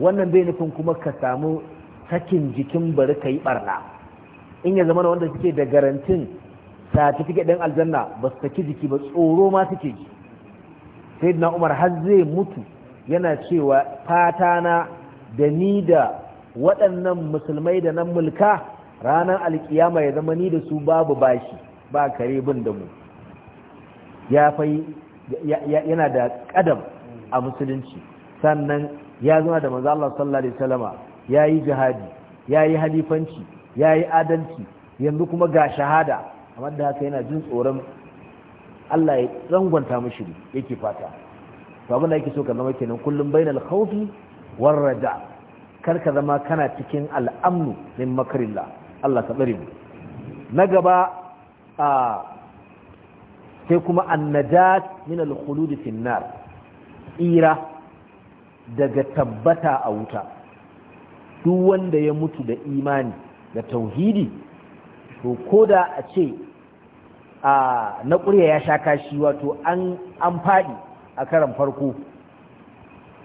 wannan bai nufin kuma ka samu sakin jikin bari ka yi barna in ya zama wanda suke da garantin certificate ɗin aljanna ba su saki jiki ba tsoro ma suke ji sai umar har zai mutu yana cewa fata na da ni da waɗannan musulmai da nan mulka ranar alkiyama ya zama ni da su babu bashi ba kare bin da mu ya fai yana da kadam a musulunci sannan ya zama da manzo Allah sallallahu alaihi wasallama yayi jihadi yayi halifanci yayi adalci yanzu kuma ga shahada amma da haka yana jin tsoron Allah ya rangwanta mishi yake fata to abin da yake so ka zama kenan kullum bainal khawfi war raja kar ka zama kana cikin al'amnu min makrillah Allah ka tsare mu na gaba a sai kuma annajat min al-khulud fi an-nar ira daga tabbata a wuta duk wanda ya mutu da imani da tauhidi to koda a ce a na ƙurya ya sha kashi wato an an faɗi a karan farko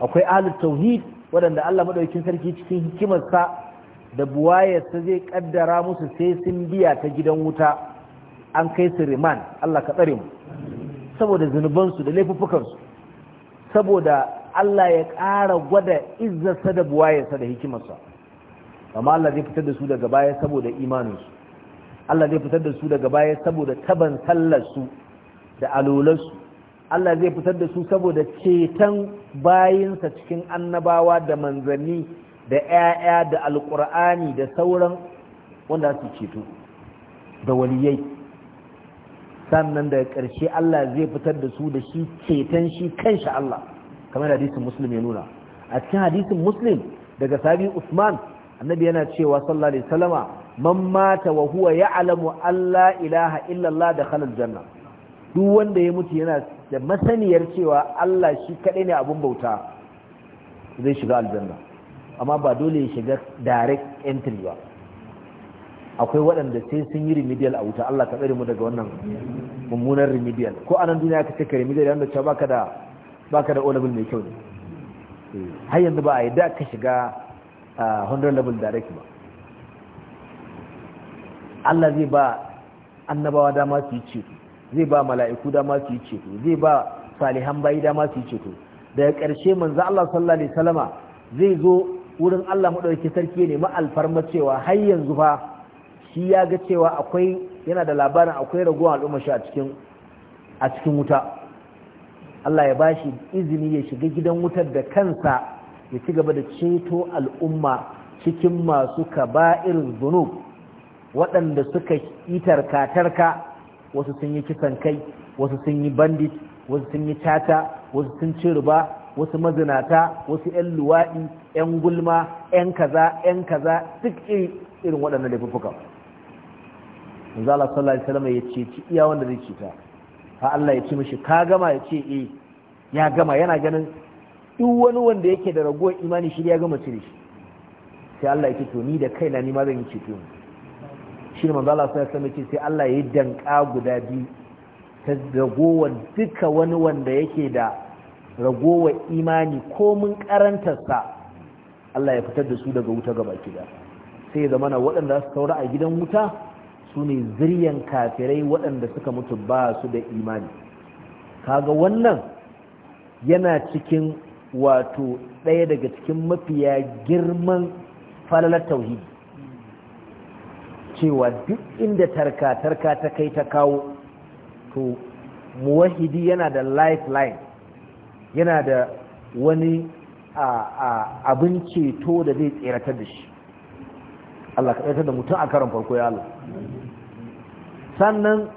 akwai ahlul tauhid waɗanda Allah madaukakin sarki cikin hikimarsa da buwayarsa zai kaddara musu sai sun biya ta gidan wuta an kai su riman Allah ka tsare mu saboda zunubansu da laifuffukansu saboda Allah ya ƙara gwada izzarsa da buwayarsa da hikimarsa amma Allah zai fitar da su daga baya saboda imaninsu Allah zai fitar da su daga baya saboda taban sallarsu da alolarsu Allah zai fitar da su saboda ceton bayinsa cikin annabawa da manzanni da 'ya'ya da alƙur'ani da sauran wanda su ceto da waliyai sannan daga ƙarshe Allah zai fitar da su da shi ceton shi kanshi Allah kamar hadisin muslim ya nuna a cikin hadisin muslim daga sabi usman annabi yana cewa sallallahu alaihi wasallama man mata wa huwa ya'lamu alla ilaha illa Allah da khalal janna duk wanda ya mutu yana da masaniyar cewa Allah shi kadai ne abun bauta zai shiga aljanna amma ba dole ya shiga direct entry ba akwai waɗanda sai sun yi remedial a wuta Allah ka tsare mu daga wannan mummunan remedial ko anan duniya ka ce ka remedial yanda cewa baka da baka da level mai kyau ne eh, har yanzu ba a yi da ka shiga 100 ah, level direct ba Allah zai ba annabawa dama su yi ceto zai ba mala'iku dama su yi ceto zai ba salihan bayi dama su yi ceto daga ƙarshe manzo Allah sallallahu alaihi wasallama zai zo wurin Allah maɗauki sarki ne ma'alfar alfarma cewa har yanzu fa shi ya ga cewa akwai yana da labarin akwai ragowar al'umma shi a cikin a cikin wuta Allah ya bashi izini ya shiga gidan wutar da kansa ya ci gaba da ceto al'umma cikin masu kaba'ir zunub waɗanda suka yi tarka wasu sun yi kisan kai wasu sun yi bandit wasu sun yi tata wasu sun ci riba wasu mazinata wasu 'yan luwaɗi 'yan gulma 'yan kaza 'yan kaza duk irin waɗannan laifuffuka manzo Allah sallallahu alaihi wasallam ya ce iya wanda zai cita fa Allah ya ce mishi ka gama ya ce eh ya gama yana ganin duk wani wanda yake da ragowar imani shi ya gama cire shi sai Allah ya ce to ni da kaina ni ma zan yi ceto shi ne manzo Allah sallallahu alaihi wasallam ya ce sai Allah ya yi danka guda biyu ta ragowar duka wani wanda yake da ragowa imani ko mun karantarsa Allah ya fitar da su daga wuta gaba kida sai zama na waɗanda su saura a gidan wuta su ne ziryan kafirai waɗanda suka mutu ba su da imani kaga wannan yana cikin wato ɗaya daga cikin mafiya girman falalar tauhidi cewa duk inda tarka-tarka ta kai ta kawo to muwahidi yana da lifeline yana da wani abin ceto da zai tseratar da shi Allah ka tseratar da mutum a karan farko ya Allah sannan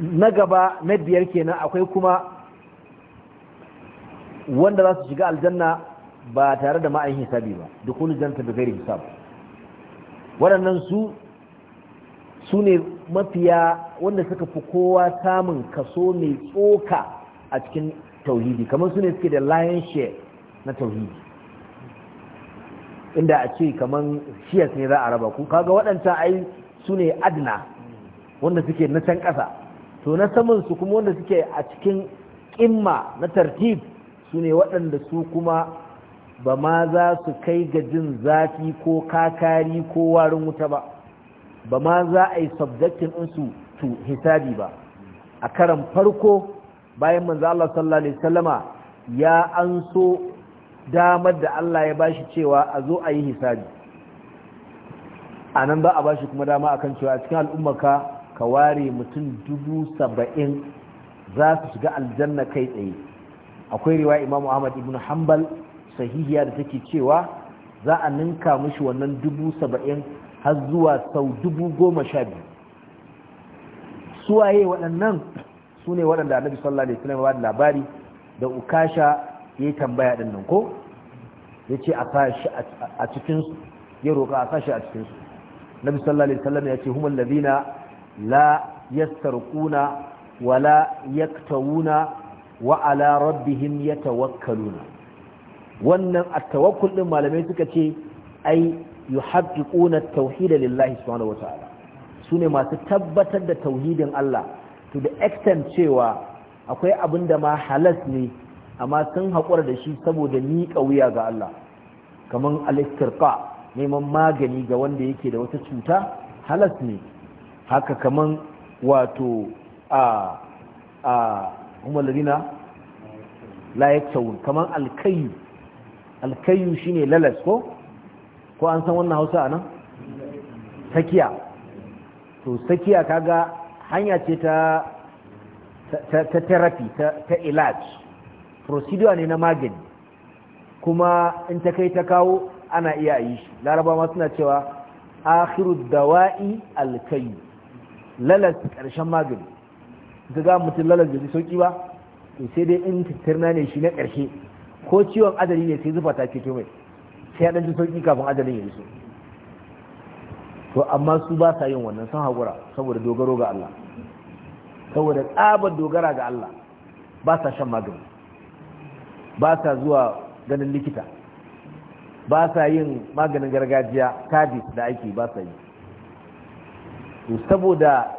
na gaba na biyar kenan akwai kuma wanda za su shiga aljanna ba tare da ma'ayin hisabi ba da wani janta da zai hisab waɗannan su su ne mafiya wanda suka fi kowa samun kaso mai tsoka a cikin tauhidi kamar su ne suke da lion share na tauhidi inda a ce kamar shiyas ne za a raba ku kaga waɗancan ai su ne adna wanda suke na can ƙasa to na saman su kuma wanda suke a cikin ƙimma na tartib su ne waɗanda su kuma ba ma za su kai ga jin zafi ko kakari ko warin wuta ba ba ma za a yi subjectin insu to hisabi ba a karan farko bayan manzo Allah sallallahu alaihi wasallama ya anso damar da Allah ya bashi cewa a zo a yi hisabi anan ba a bashi kuma dama akan cewa cikin al'ummarka ka ware mutum dubu saba'in za su shiga aljanna kai tsaye akwai riwaya Imam Ahmad ibn Hanbal sahihiya da take cewa za a ninka mishi wannan dubu saba'in har zuwa sau dubu goma sha biyu suwaye waɗannan su ne waɗanda annabi sallallahu alaihi wasallam ba da labari da ukasha yayi tambaya din nan ko yace a sashi a cikin su ya roka a sashi a cikin su annabi sallallahu alaihi wasallam yace humul ladina la yastarquna wala yaktawuna wa ala rabbihim yatawakkaluna wannan at-tawakkul din malamai suka ce ai yuhaqqiquna at-tauhid lillahi subhanahu wa ta'ala sune masu tabbatar da tauhidin Allah to the extent cewa akwai abin da ma halas ne amma sun haƙura da shi saboda miƙa wuya ga Allah kamar alistirka neman magani ga wanda yake da wata cuta halas ne haka kamar wato a a umarina layak saun kamar alkayu alkayu shine lalas ko ko an san wannan hausa anan sakiya to sakiya kaga hanya ce ta ta therapy ta ilaj procedure ne na magani kuma in ta kai ta kawo ana iya yi shi larabawa suna cewa akhiru dawa'i alkayu lalas karshen magani ta ga mutum lalas da sauki ba to sai dai in tirna ne shi na karshe ko ciwon adali ne sai zufa ta fito mai sai ya ɗan ji sauki kafin adalin ya iso to amma su ba sa yin wannan sun haƙura saboda dogaro ga Allah saboda tsabar dogara ga Allah ba sa shan magani ba sa zuwa ganin likita ba sa yin maganin gargajiya kadi da aiki ba sa yi saboda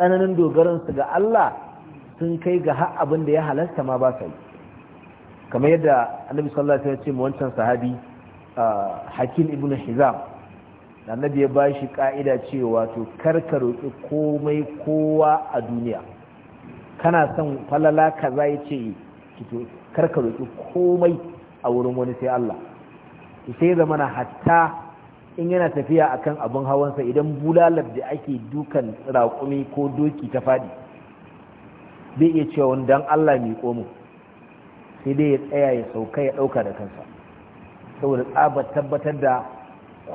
tsananin dogaransu ga Allah sun kai ga har abin da ya halasta ma ba sa yi kamar yadda annabi sallallahu alaihi wasallam ya ce wancan sahabi ah, hakim ibnu hizam annabi ya ba shi ka'ida cewa to karka roƙi komai kowa a duniya kana son falala za ya ce to karka roƙi komai a wurin wani sai Allah sai zama na hatta in yana tafiya akan abin hawansa idan bulalar da ake dukan raƙumi ko doki ta faɗi zai iya cewa wani dan Allah mai komo sai dai ya tsaya ya sauka ya ɗauka da kansa saboda tsabar tabbatar da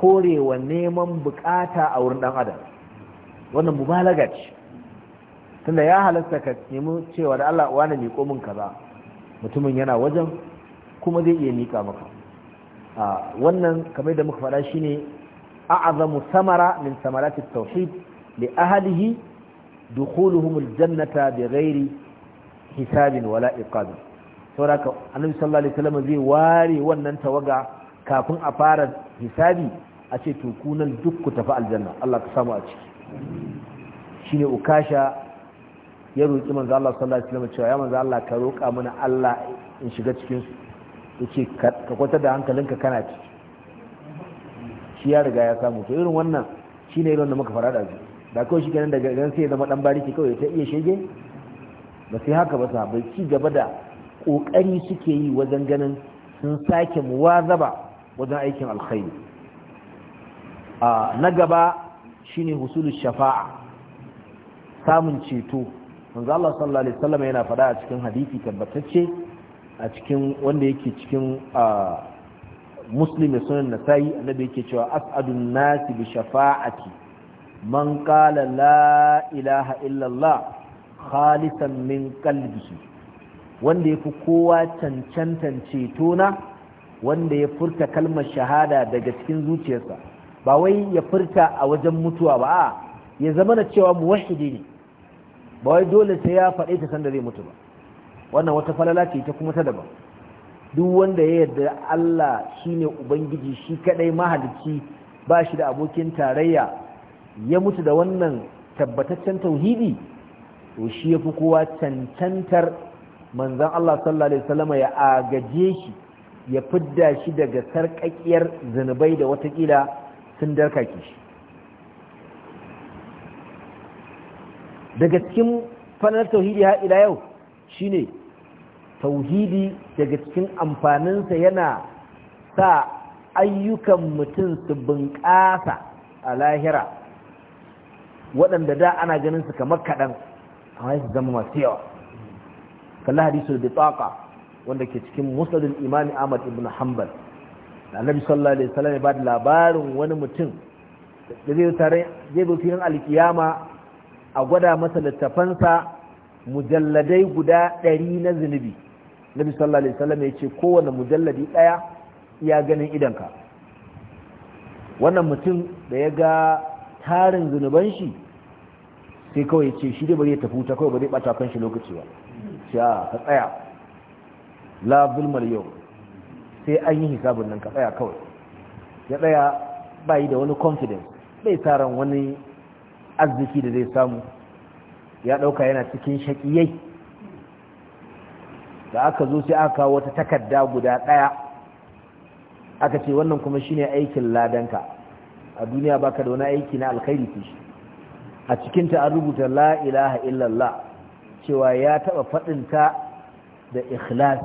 korewa neman bukata a wurin dan adam wannan mubalaga ce tunda ya halatta ka nemi cewa da Allah wani miko mun kaza mutumin yana wajen kuma zai iya mika maka a wannan kamar da muka faɗa shine a'azamu samara min samarati tauhid li ahlihi dukhuluhum aljannata bighairi hisabin wala iqab saboda annabi sallallahu alaihi wasallam zai ware wannan tawaga kafin a fara hisabi a ce to kunan duk ku tafi aljanna Allah ka samu a ciki shine ukasha ya roki manzo Allah sallallahu alaihi wasallam cewa ya manzo Allah ka roka mana Allah in shiga cikin su yace ka kwatar da hankalinka kana ciki shi ya riga ya samu to irin wannan shine irin da muka fara da shi da kawai shi kenan daga gan sai ya zama dan bariki kawai ta iya shege ba sai haka ba Bai ci gaba da kokari suke yi wajen ganin sun sake muwazaba wajen aikin alkhairi na gaba shine husulul shafa'a samun ceto manzo Allah sallallahu alaihi wasallam yana faɗa a cikin hadisi tabbatacce a cikin wanda yake cikin muslim da sunan nasai annabi yake cewa as'adun nasi bi shafa'ati man qala la ilaha illallah khalisan min qalbihi wanda yafi kowa cancantan ceto na wanda ya furta kalmar shahada daga cikin zuciyarsa ba wai ya furta a wajen mutuwa ba a ya zama na cewa mu muwahidi ne ba wai dole sai ya faɗe ta sanda zai mutu ba wannan wata falala ce ta kuma ta daban duk wanda ya yarda Allah shine ubangiji shi kadai mahalicci ba shi da abokin tarayya ya mutu da wannan tabbataccen tauhidi to shi yafi kowa cancantar manzon Allah sallallahu alaihi wasallam ya agaje shi ya fidda shi daga sarƙaƙiyar zunubai da watakila sun darkake shi daga cikin fanar tauhidi ha ila yau shine tauhidi daga cikin amfaninsa yana sa ayyukan mutum su bunƙasa a lahira waɗanda da ana ganin su kamar kaɗan a su zama masu yawa kalla da tsaka. wanda ke cikin musadin imami ahmad ibn hanbal da annabi sallallahu alaihi wasallam ya bada labarin wani mutum da zai tare zai zo filin alkiyama a gwada masa littafan sa mujalladai guda ɗari na zinubi nabi sallallahu alaihi wasallam ya ce kowane mujalladi ɗaya iya ganin idan ka wannan mutum da ya ga tarin zunuban shi sai kawai ya ce shi dai ba ya tafi wuta kawai ba zai kan shi lokaci ba sai a tsaya la yau sai an yi hisabin nan ka tsaya kawai ya tsaya bayi da wani confidence bai tsaron wani arziki da zai samu ya ɗauka yana cikin shakiyai da aka zo sai aka kawo wata takarda guda ɗaya aka ce wannan kuma shine aikin ladanka a duniya baka da wani aiki na alkhairi ce a cikinta an rubuta la ilaha illallah cewa ya taɓa faɗinta da ikhlas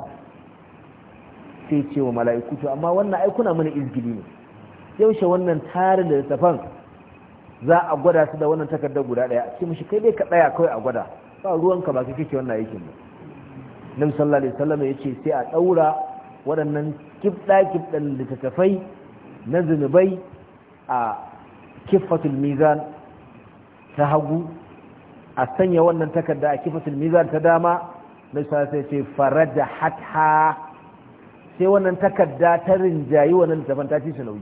sai ce wa mala'iku to amma wannan aikuna mana izgili ne yaushe wannan tarin da littafan za a gwada su da wannan takardar guda daya ce mishi kai dai ka daya kawai a gwada ba ruwanka ba su kike wannan aikin ba nan sallallahu alaihi wasallam yace sai a daura waɗannan kibda kibdan littattafai na zunubai a kifatul mizan ta hagu a sanya wannan takarda a kifatul mizan ta dama na sallallahu sai wasallam hatha sai wannan takarda ta rinjayi wannan littafin ta ci shi nauyi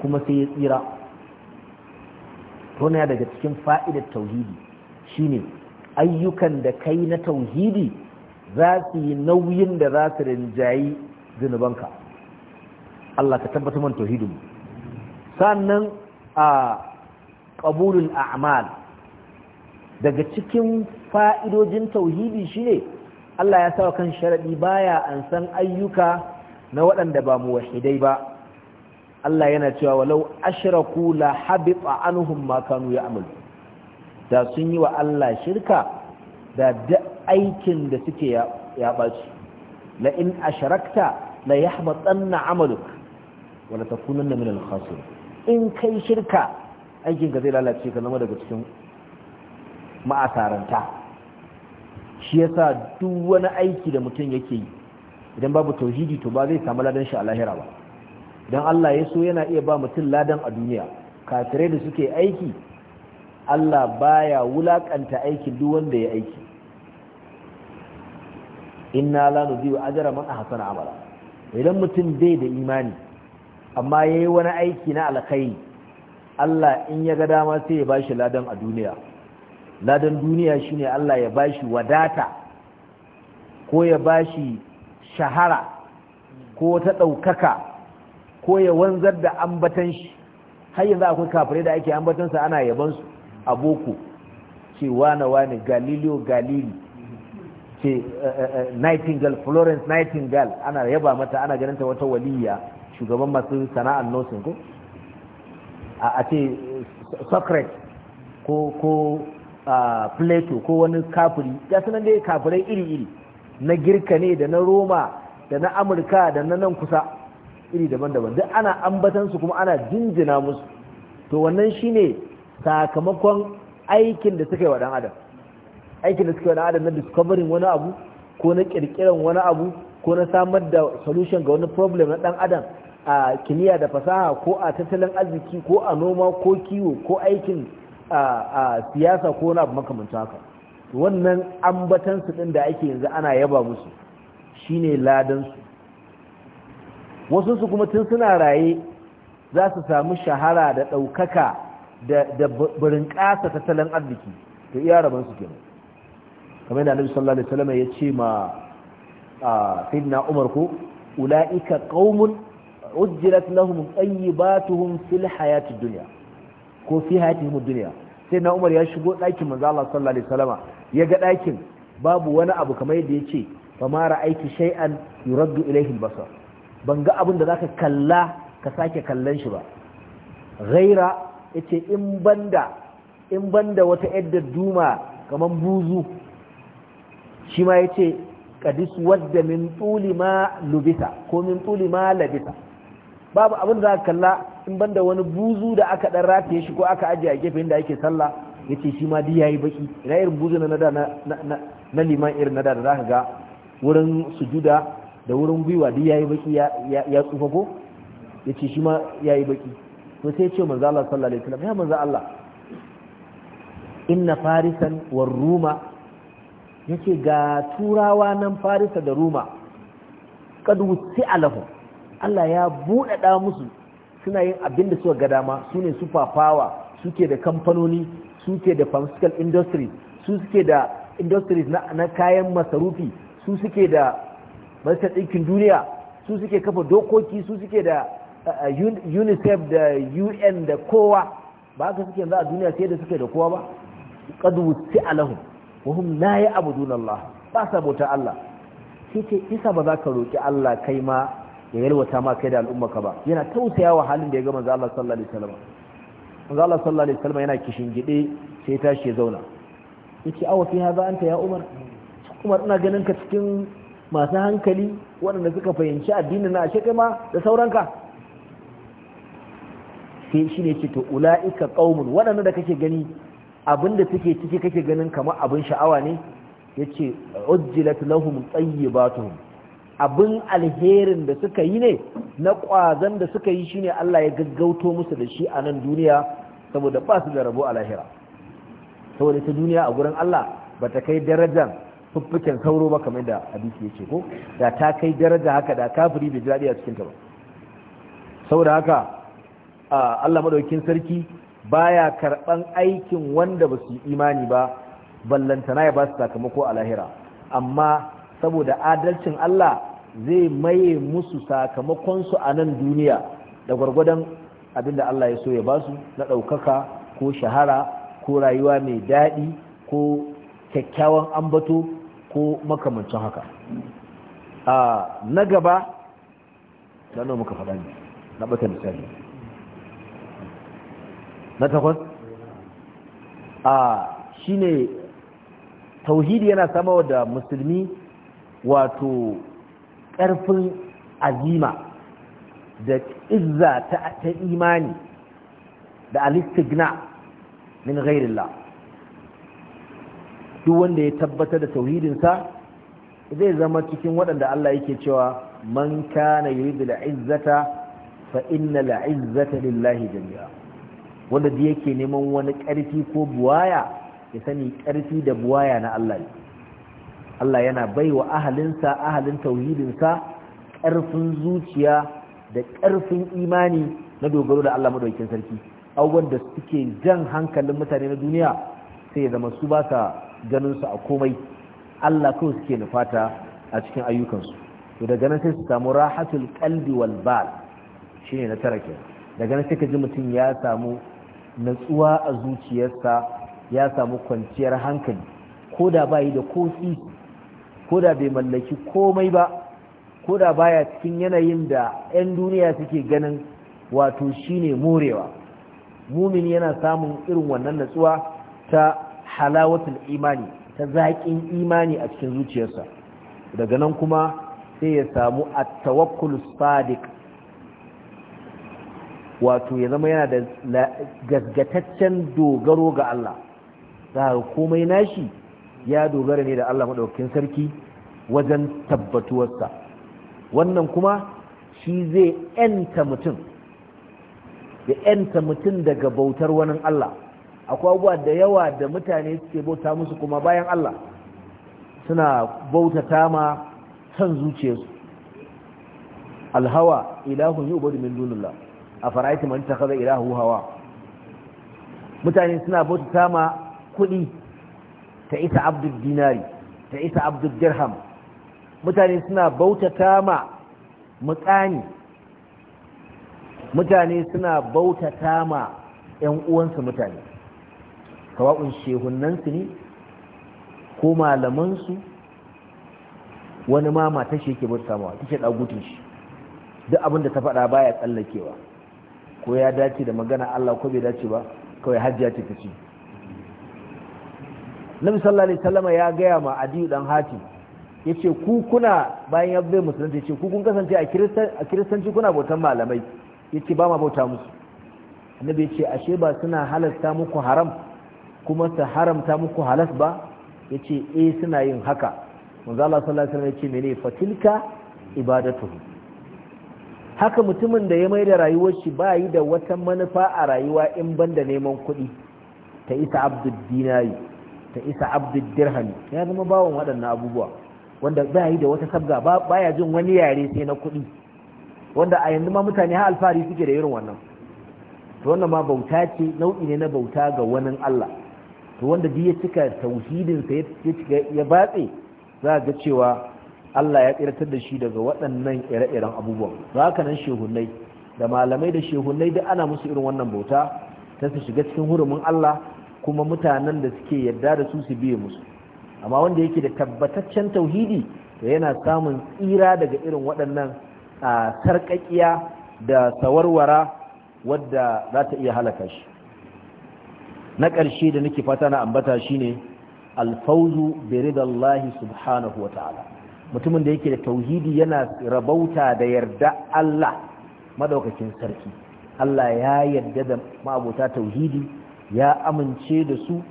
kuma sai ya tsira tona daga cikin fa'idar tauhidi shine ayyukan da kai na tauhidi za su yi nauyin da za su rinjayi zunubanka Allah ka tabbatar man tauhidin sannan a ƙabulul a'mal daga cikin fa'idojin tauhidi shine Allah ya sawa kan sharaɗi baya an san ayyuka na waɗanda ba wahidai ba Allah yana cewa walau ashraku la habita anhum ma kanu ya'malu da sun yi wa Allah shirka da duk aikin da suke ya baci la in ashrakta la yahbatanna 'amaluk wa la takunanna min al-khasirin in kai shirka aikin ka zai lalace ka zama daga cikin ma'asaranta shi yasa duk wani aiki da mutum yake yi idan babu tauhidi to ba zai samu ladan shi a lahira ba idan Allah ya so yana iya ba mutum ladan a duniya kafirai da suke aiki Allah baya wulakanta aikin duk wanda ya aiki inna la nudhi'u ajra man ahsana amala idan mutum bai da imani amma yayi wani aiki na alkhairi Allah in ya ga dama sai ya bashi ladan a duniya ladan duniya shine Allah ya bashi wadata ko ya bashi shahara ko ta ɗaukaka ko ya wanzar da ambatan shi har yanzu akwai kafirai da ake ambatansa ana yabansu a boko ce wane wane galileo galili ce eh, eh, eh, nightingale florence nightingale ana yaba mata ana ganin ganinta wata waliyya shugaban masu sana'ar nursing ko a ce socrates ko plato ko wani kafiri ya sanar da kafirai iri-iri na girka ne da na roma da na amurka da na nan kusa iri daban-daban duk ana ambatansu kuma ana jinjina musu to wannan shine sakamakon aikin da suka yi wa dan adam aikin da suka yi wa dan adam na discovery wani abu ko na kirkiran wani abu ko na samar da solution ga wani problem na ɗan adam a kimiyya da fasaha ko a tattalin arziki ko a noma ko kiwo ko aikin a siyasa ko na makamancin haka wannan ambatansu su din da ake yanzu ana yaba musu shine ladan su wasu su kuma tun suna raye za su samu shahara da ɗaukaka da burin ƙasa tattalin arziki to iya raban su kenan kamar da annabi sallallahu alaihi wasallam ya ce ma sayyidina Umar ko ulaika qaumun ujjilat lahum tayyibatuhum fil hayatid duniya. ko fi hayatihim dunya sai na Umar ya shigo ɗakin manzo Allah sallallahu alaihi ya ga ɗakin babu wani abu kamar yadda yace fa ma ra'aiti shay'an yuraddu ilayhi al-basar ban ga abin da zaka kalla ka sake kallon shi ba ghaira yace in banda in banda wata yadda duma kamar buzu shi ma yace qadis wadda min tuli ma lubisa ko min tuli ma labisa babu abin da za ka kalla in banda wani buzu da aka dan rataye shi ko aka ajiye a gefe inda yake sallah yace shi ma duk yayi baki ina irin buzu na da na na liman irin na da zaka ga wurin sujuda da wurin gwiwa duk yayi baki ya tsufa ko yace shi ma yayi baki to sai ya ce manzo Allah sallallahu alaihi wasallam ya manzo Allah inna farisan war ruma yace ga turawa nan farisa da ruma kad wutti alahu Allah ya buɗe buɗaɗa musu suna yin abin da suka ga dama su ne super power suke da kamfanoni suke da pharmaceutical industries su suke da industries na kayan masarufi su suke da masar ɗinkin duniya su suke kafa dokoki su suke da uh, uh, unicef da un da kowa ba haka suke za a duniya sai da suke da kowa ba kadu si alahu wa hum abu ya'buduna Allah ba sabota Allah sai ce isa ba za ka roki Allah kai ma ya yalwata ma kai da al'ummaka ba yana tausaya wa halin da ya ga manzo Allah sallallahu alaihi wasallam manzo Allah sallallahu alaihi wasallam yana kishin gide sai tashi ya zauna yace awa fi haza anta ya Umar Umar ina ganin ka cikin masu hankali waɗanda suka fahimci addinin na ashe kai ma da sauranka sai shi ne ce to ula'ika qaumun waɗanda da kake gani abinda suke ciki kake ganin kamar abin sha'awa ne yace ujjilat lahum tayyibatuhum abin alherin da suka yi ne na ƙwazon da suka yi shine Allah ya gaggauto musu da shi a nan duniya saboda ba su da rabo a lahira saboda ta duniya a gurin Allah ba ta kai darajar fuffuken sauro ba kamar da hadisi ya ce ko da ta kai daraja haka da kafiri bai daɗi a cikinta ba saboda haka Allah madaukin sarki baya karɓan aikin wanda ba su imani ba ballantana ya ba su sakamako a lahira amma saboda adalcin Allah zai maye musu sakamakonsu a nan duniya da gwargwadon abinda Allah ya so ya basu na ɗaukaka ko shahara ko rayuwa mai daɗi ko kyakkyawan ambato ko makamancin haka a na gaba ɗanar muka faɗa ne na ɓata misali na takwas a shi ne tauhidi yana samawa da musulmi wato ƙarfin azima da izza ta imani da alistigna min ghairillah duk wanda ya tabbatar da tauhidinsa zai zama cikin waɗanda Allah yake cewa man kana yuridu al-izzata fa inna al-izzata lillahi jami'a wanda da yake neman wani ƙarfi ko buwaya ya sani ƙarfi da buwaya na Allah ne Allah yana bai wa ahalinsa ahalin tauhidinsa ƙarfin zuciya da ƙarfin imani na dogaro da Allah madaukakin sarki abubuwan da suke jan hankalin mutane na duniya sai ya zama su ba sa ganin su a komai Allah kawai suke nufata a cikin ayyukansu to daga nan sai su samu rahatul qalbi wal bal shine na tara daga nan sai ka ji mutum ya samu natsuwa a zuciyarsa ya samu kwanciyar hankali ko da bayi da ko ko da bai mallaki komai ba ko da baya cikin yanayin da 'yan duniya suke ganin wato shine morewa mumin yana samun irin wannan natsuwa ta halawatul imani ta zaƙin imani a cikin zuciyarsa daga nan kuma sai ya samu at-tawakkul sadiq wato ya zama yana da gasgataccen dogaro ga Allah za komai nashi ya dogara ne da Allah madaukakin sarki wajen tabbatuwarsa wannan kuma shi zai yanta mutum ya yanta mutum daga bautar wani Allah akwai abubuwa da yawa da mutane suke bauta musu kuma bayan Allah suna bautata ma son zuciyarsu alhawa ilahun yi ubadu min dunulla a fara'aiti man ta kaza ilahu hawa mutane suna bauta ma kuɗi ta isa abdul dinari ta isa abdul dirham mutane suna bautata ma mutsani mutane suna bautata ma ‘yan uwansu mutane sawa'un shehunansu ne ko malamansu wani mama ta sheke yake bauta mawa take ɗagutun shi duk abinda ta faɗa baya tsallakewa ko ya dace da magana Allah ko bai dace ba kawai hajjiya ce ta ce nabi sallallahu alaihi wasallam ya gaya ma adiyu dan hati yace ku kuna bayan ya bai musulunci yace ku kun kasance a kristan a kiristanci kuna bautan malamai yace ba ma bauta musu annabi yace ashe ba suna halasta muku haram kuma su haramta muku halas ba yace eh suna yin haka manzo Allah sallallahu alaihi wasallam yace mene fatilka ibadatu haka mutumin da ya mai da rayuwar shi ba yi da wata manufa a rayuwa in banda neman kuɗi ta isa abdul dinari ta isa abdul dirhami ya zama bawon waɗannan abubuwa wanda ba yi da wata sabga ba ya jin wani yare sai na kuɗi wanda a yanzu ma mutane har alfahari suke da irin wannan to wannan ma bauta ce nau'i ne na bauta ga wani Allah to wanda duk ya cika tauhidin sa ya cika ya batse za ga cewa Allah ya tsiratar da shi daga waɗannan ire-iren abubuwan za ka nan shehunai da malamai da shehunai duk ana musu irin wannan bauta ta su shiga cikin hurumin Allah kuma mutanen da suke yarda da su su biye musu amma wanda yake da tabbataccen tauhidi to yana samun tsira daga irin waɗannan a sarƙaƙiya da sawarwara wadda za ta iya halaka shi na ƙarshe da nake fata na ambata shine alfauzu bi ridallahi subhanahu wata'ala mutumin da yake da tauhidi yana rabauta da yarda Allah madaukakin sarki Allah ya yarda da ma'abota tauhidi ya amince da su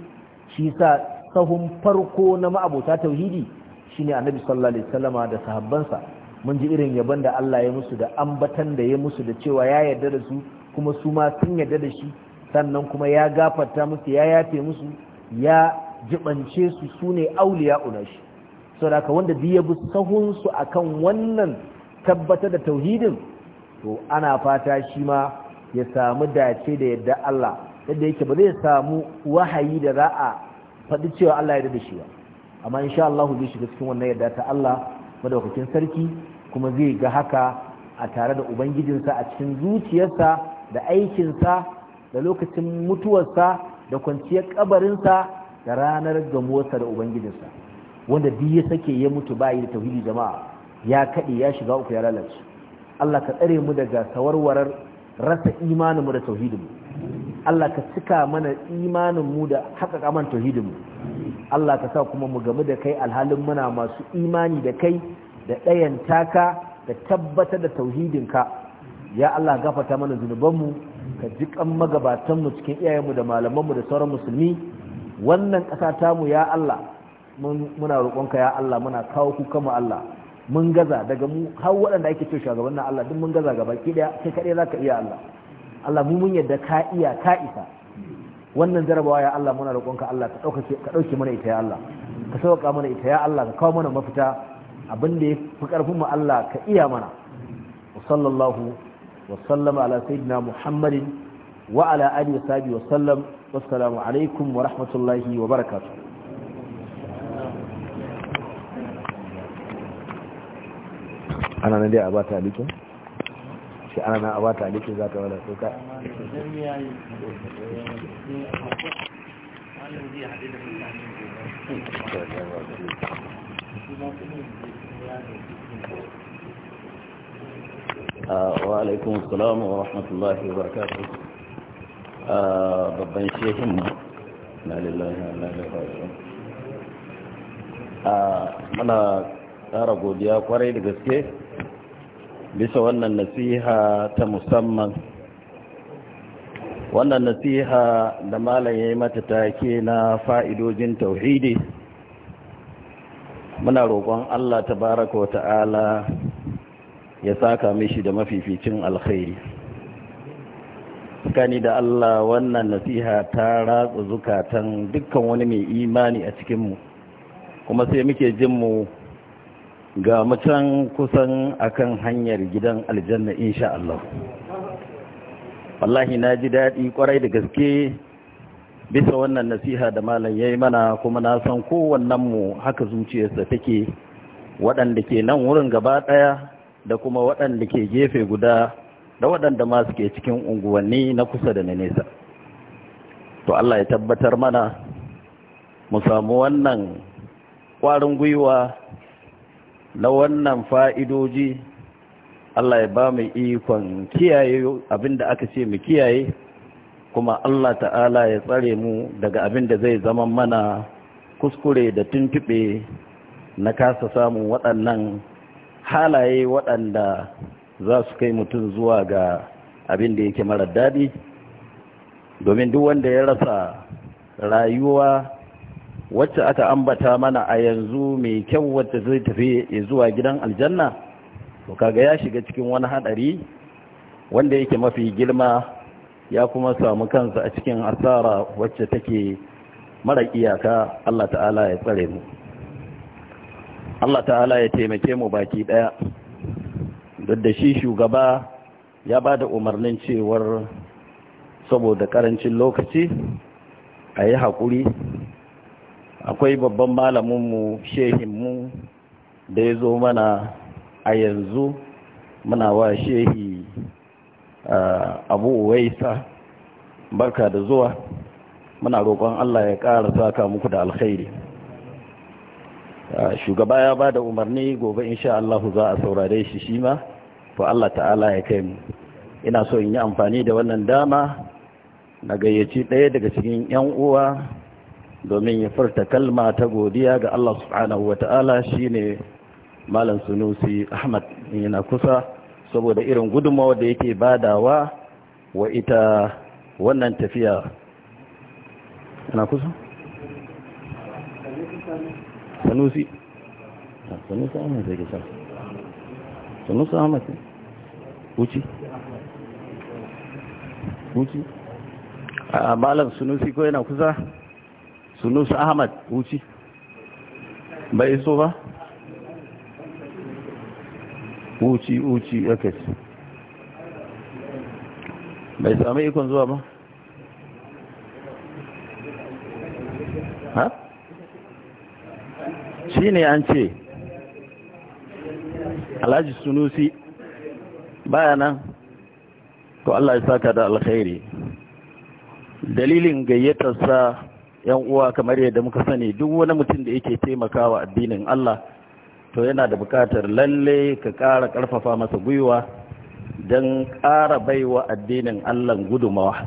shi sa sahun farko na ma'abota tauhidi shine annabi sallallahu alaihi wasallama da sahabbansa mun ji irin yabon da Allah ya musu da ambatan da ya musu da cewa ya yarda da su kuma su ma sun yarda da shi sannan kuma ya gafarta musu ya yafe musu ya jibance su sune auliya unashi saboda ka wanda duk ya bi sahun su akan wannan tabbatar da tauhidin to ana fata shi ma ya samu dace da yadda Allah yadda yake ba zai samu wahayi da za a faɗi cewa Allah ya da shi ba amma insha Allah zai shiga cikin wannan yarda ta Allah madaukakin sarki kuma zai ga haka a tare da ubangijinsa a cikin zuciyarsa da aikinsa da lokacin mutuwarsa da kwanciyar kabarinsa da ranar gamuwarsa da ubangijinsa wanda duk ya sake ya mutu ba yi da tauhidi jama'a ya kaɗe ya shiga uku ya lalace Allah ka tsare mu daga sawarwarar rasa imaninmu da tauhidinmu Allah ka cika mana imaninmu da haƙaƙa man tauhidinmu Allah ka sa kuma mu gamu da kai alhalin muna masu imani da kai da ɗayan taka da tabbatar da tauhidinka ya Allah gafata mana zunubanmu ka ji jiƙan magabatanmu cikin iyayenmu da malamanmu da sauran musulmi wannan ƙasa tamu ya Allah muna roƙonka ya Allah muna kawo kuka mu Allah mun gaza daga mu har waɗanda ake cewa na Allah duk mun gaza gaba ki daya kai kadai zaka iya Allah Allah mu mun yadda ka iya ka isa wannan jarabawa ya Allah muna roƙonka Allah ka dauke ka dauke mana ita ya Allah ka sauka mana ita ya Allah ka kawo mana mafita abin da ya fi karfin mu Allah ka iya mana wa sallallahu wa sallama ala sayyidina Muhammadin wa ala alihi wa sahbihi wa sallam wassalamu alaikum wa rahmatullahi wa barakatuh ana nan dai a ba ta alikin shi ana na a ba ta alikin za ta wada tsoka wa alaikun salamu wa rahmatullahi wa barakatu babban shehin na lalata na a mana tsara godiya kwarai da gaske bisa wannan nasiha ta musamman wannan nasiha da malam ya yi mata take na fa'idojin tauhidi muna roƙon Allah ta baraka wa ta'ala ya saka mishi da mafificin alkhairi kani da Allah wannan nasiha ta ratsu zukatan dukkan wani mai imani a cikinmu kuma sai muke jinmu ga mutan kusan akan hanyar gidan aljanna insha Allah wallahi na ji daɗi kwarai da gaske bisa wannan nasiha da malam ya yi mana kuma na san mu haka zuciyarsa take waɗanda ke nan wurin gaba ɗaya da kuma waɗanda ke gefe guda da waɗanda ma suke cikin unguwanni na kusa da na nesa to Allah ya tabbatar mana mu samu wannan ƙwarin gwiwa na wannan fa'idoji Allah ya ba mu ikon kiyaye abin da aka ce mu kiyaye kuma Allah ta'ala ya tsare mu daga abin da zai zama mana kuskure da tuntube na kasa samun waɗannan halaye waɗanda za su kai mutum zuwa ga abin da yake marar daɗi domin duk wanda ya rasa rayuwa wacce aka ambata mana a yanzu mai kyau wacce zai tafi zuwa gidan aljanna to kaga ya shiga cikin wani hadari wanda yake mafi girma ya kuma samu kansa a cikin asara wacce take mara iyaka Allah ta'ala ya tsare mu Allah ta'ala ya taimake mu baki daya duk da shi shugaba ya ba da umarnin cewar saboda karancin lokaci a yi haƙuri akwai babban malaminmu shehinmu da ya zo mana a yanzu muna wa shehi abu waisa barka da zuwa muna roƙon Allah ya ƙara saka muku da alkhairi shugaba ya ba da umarni gobe insha Allah za a saurare shi shi ma to Allah ta'ala ya kai mu ina so in yi amfani da wannan dama na gayyaci ɗaya daga cikin 'yan uwa domin ya furta kalma ta godiya ga Allah subhanahu shi ne malam sunusi ahmad yana kusa saboda irin gudunmawa da yake badawa wa ita wannan tafiya yana kusa sanusi sanusi ahmad zai gisa sanusi ahmad wuce wuce a malam sunusi ko yana kusa sunusu ahmad wuce bai iso ba wuce wuce yake su bai sami ikon zuwa ba ha shi ne an ce alhaji sunusi baya nan to Allah ya saka da alkhairi dalilin sa. yan uwa kamar yadda muka sani duk wani mutum da yake taimakawa addinin Allah to yana da bukatar lalle ka ƙara ƙarfafa masa gwiwa don ƙara baiwa addinin Allah gudumawa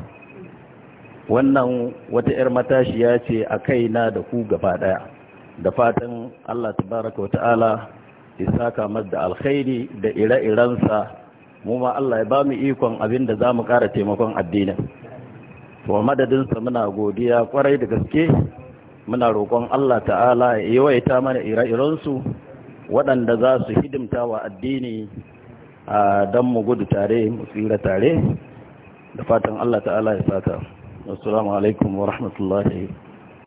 wannan wata 'yar matashiya ce a kaina da ku gaba ɗaya da fatan Allah tabaraka wa ta'ala isaka mas da alkhairi da ire-irensa mu ma Allah ya ba mu ikon abin da za mu ƙara taimakon addinin Wa madadinsa muna godiya kwarai da gaske muna roƙon Allah ta'ala ya yawaita mana ire-irensu waɗanda za su hidimta wa addini a don mu gudu tare mu tsira tare da fatan Allah ta'ala ya sata assalamu alaikum wa rahmatullahi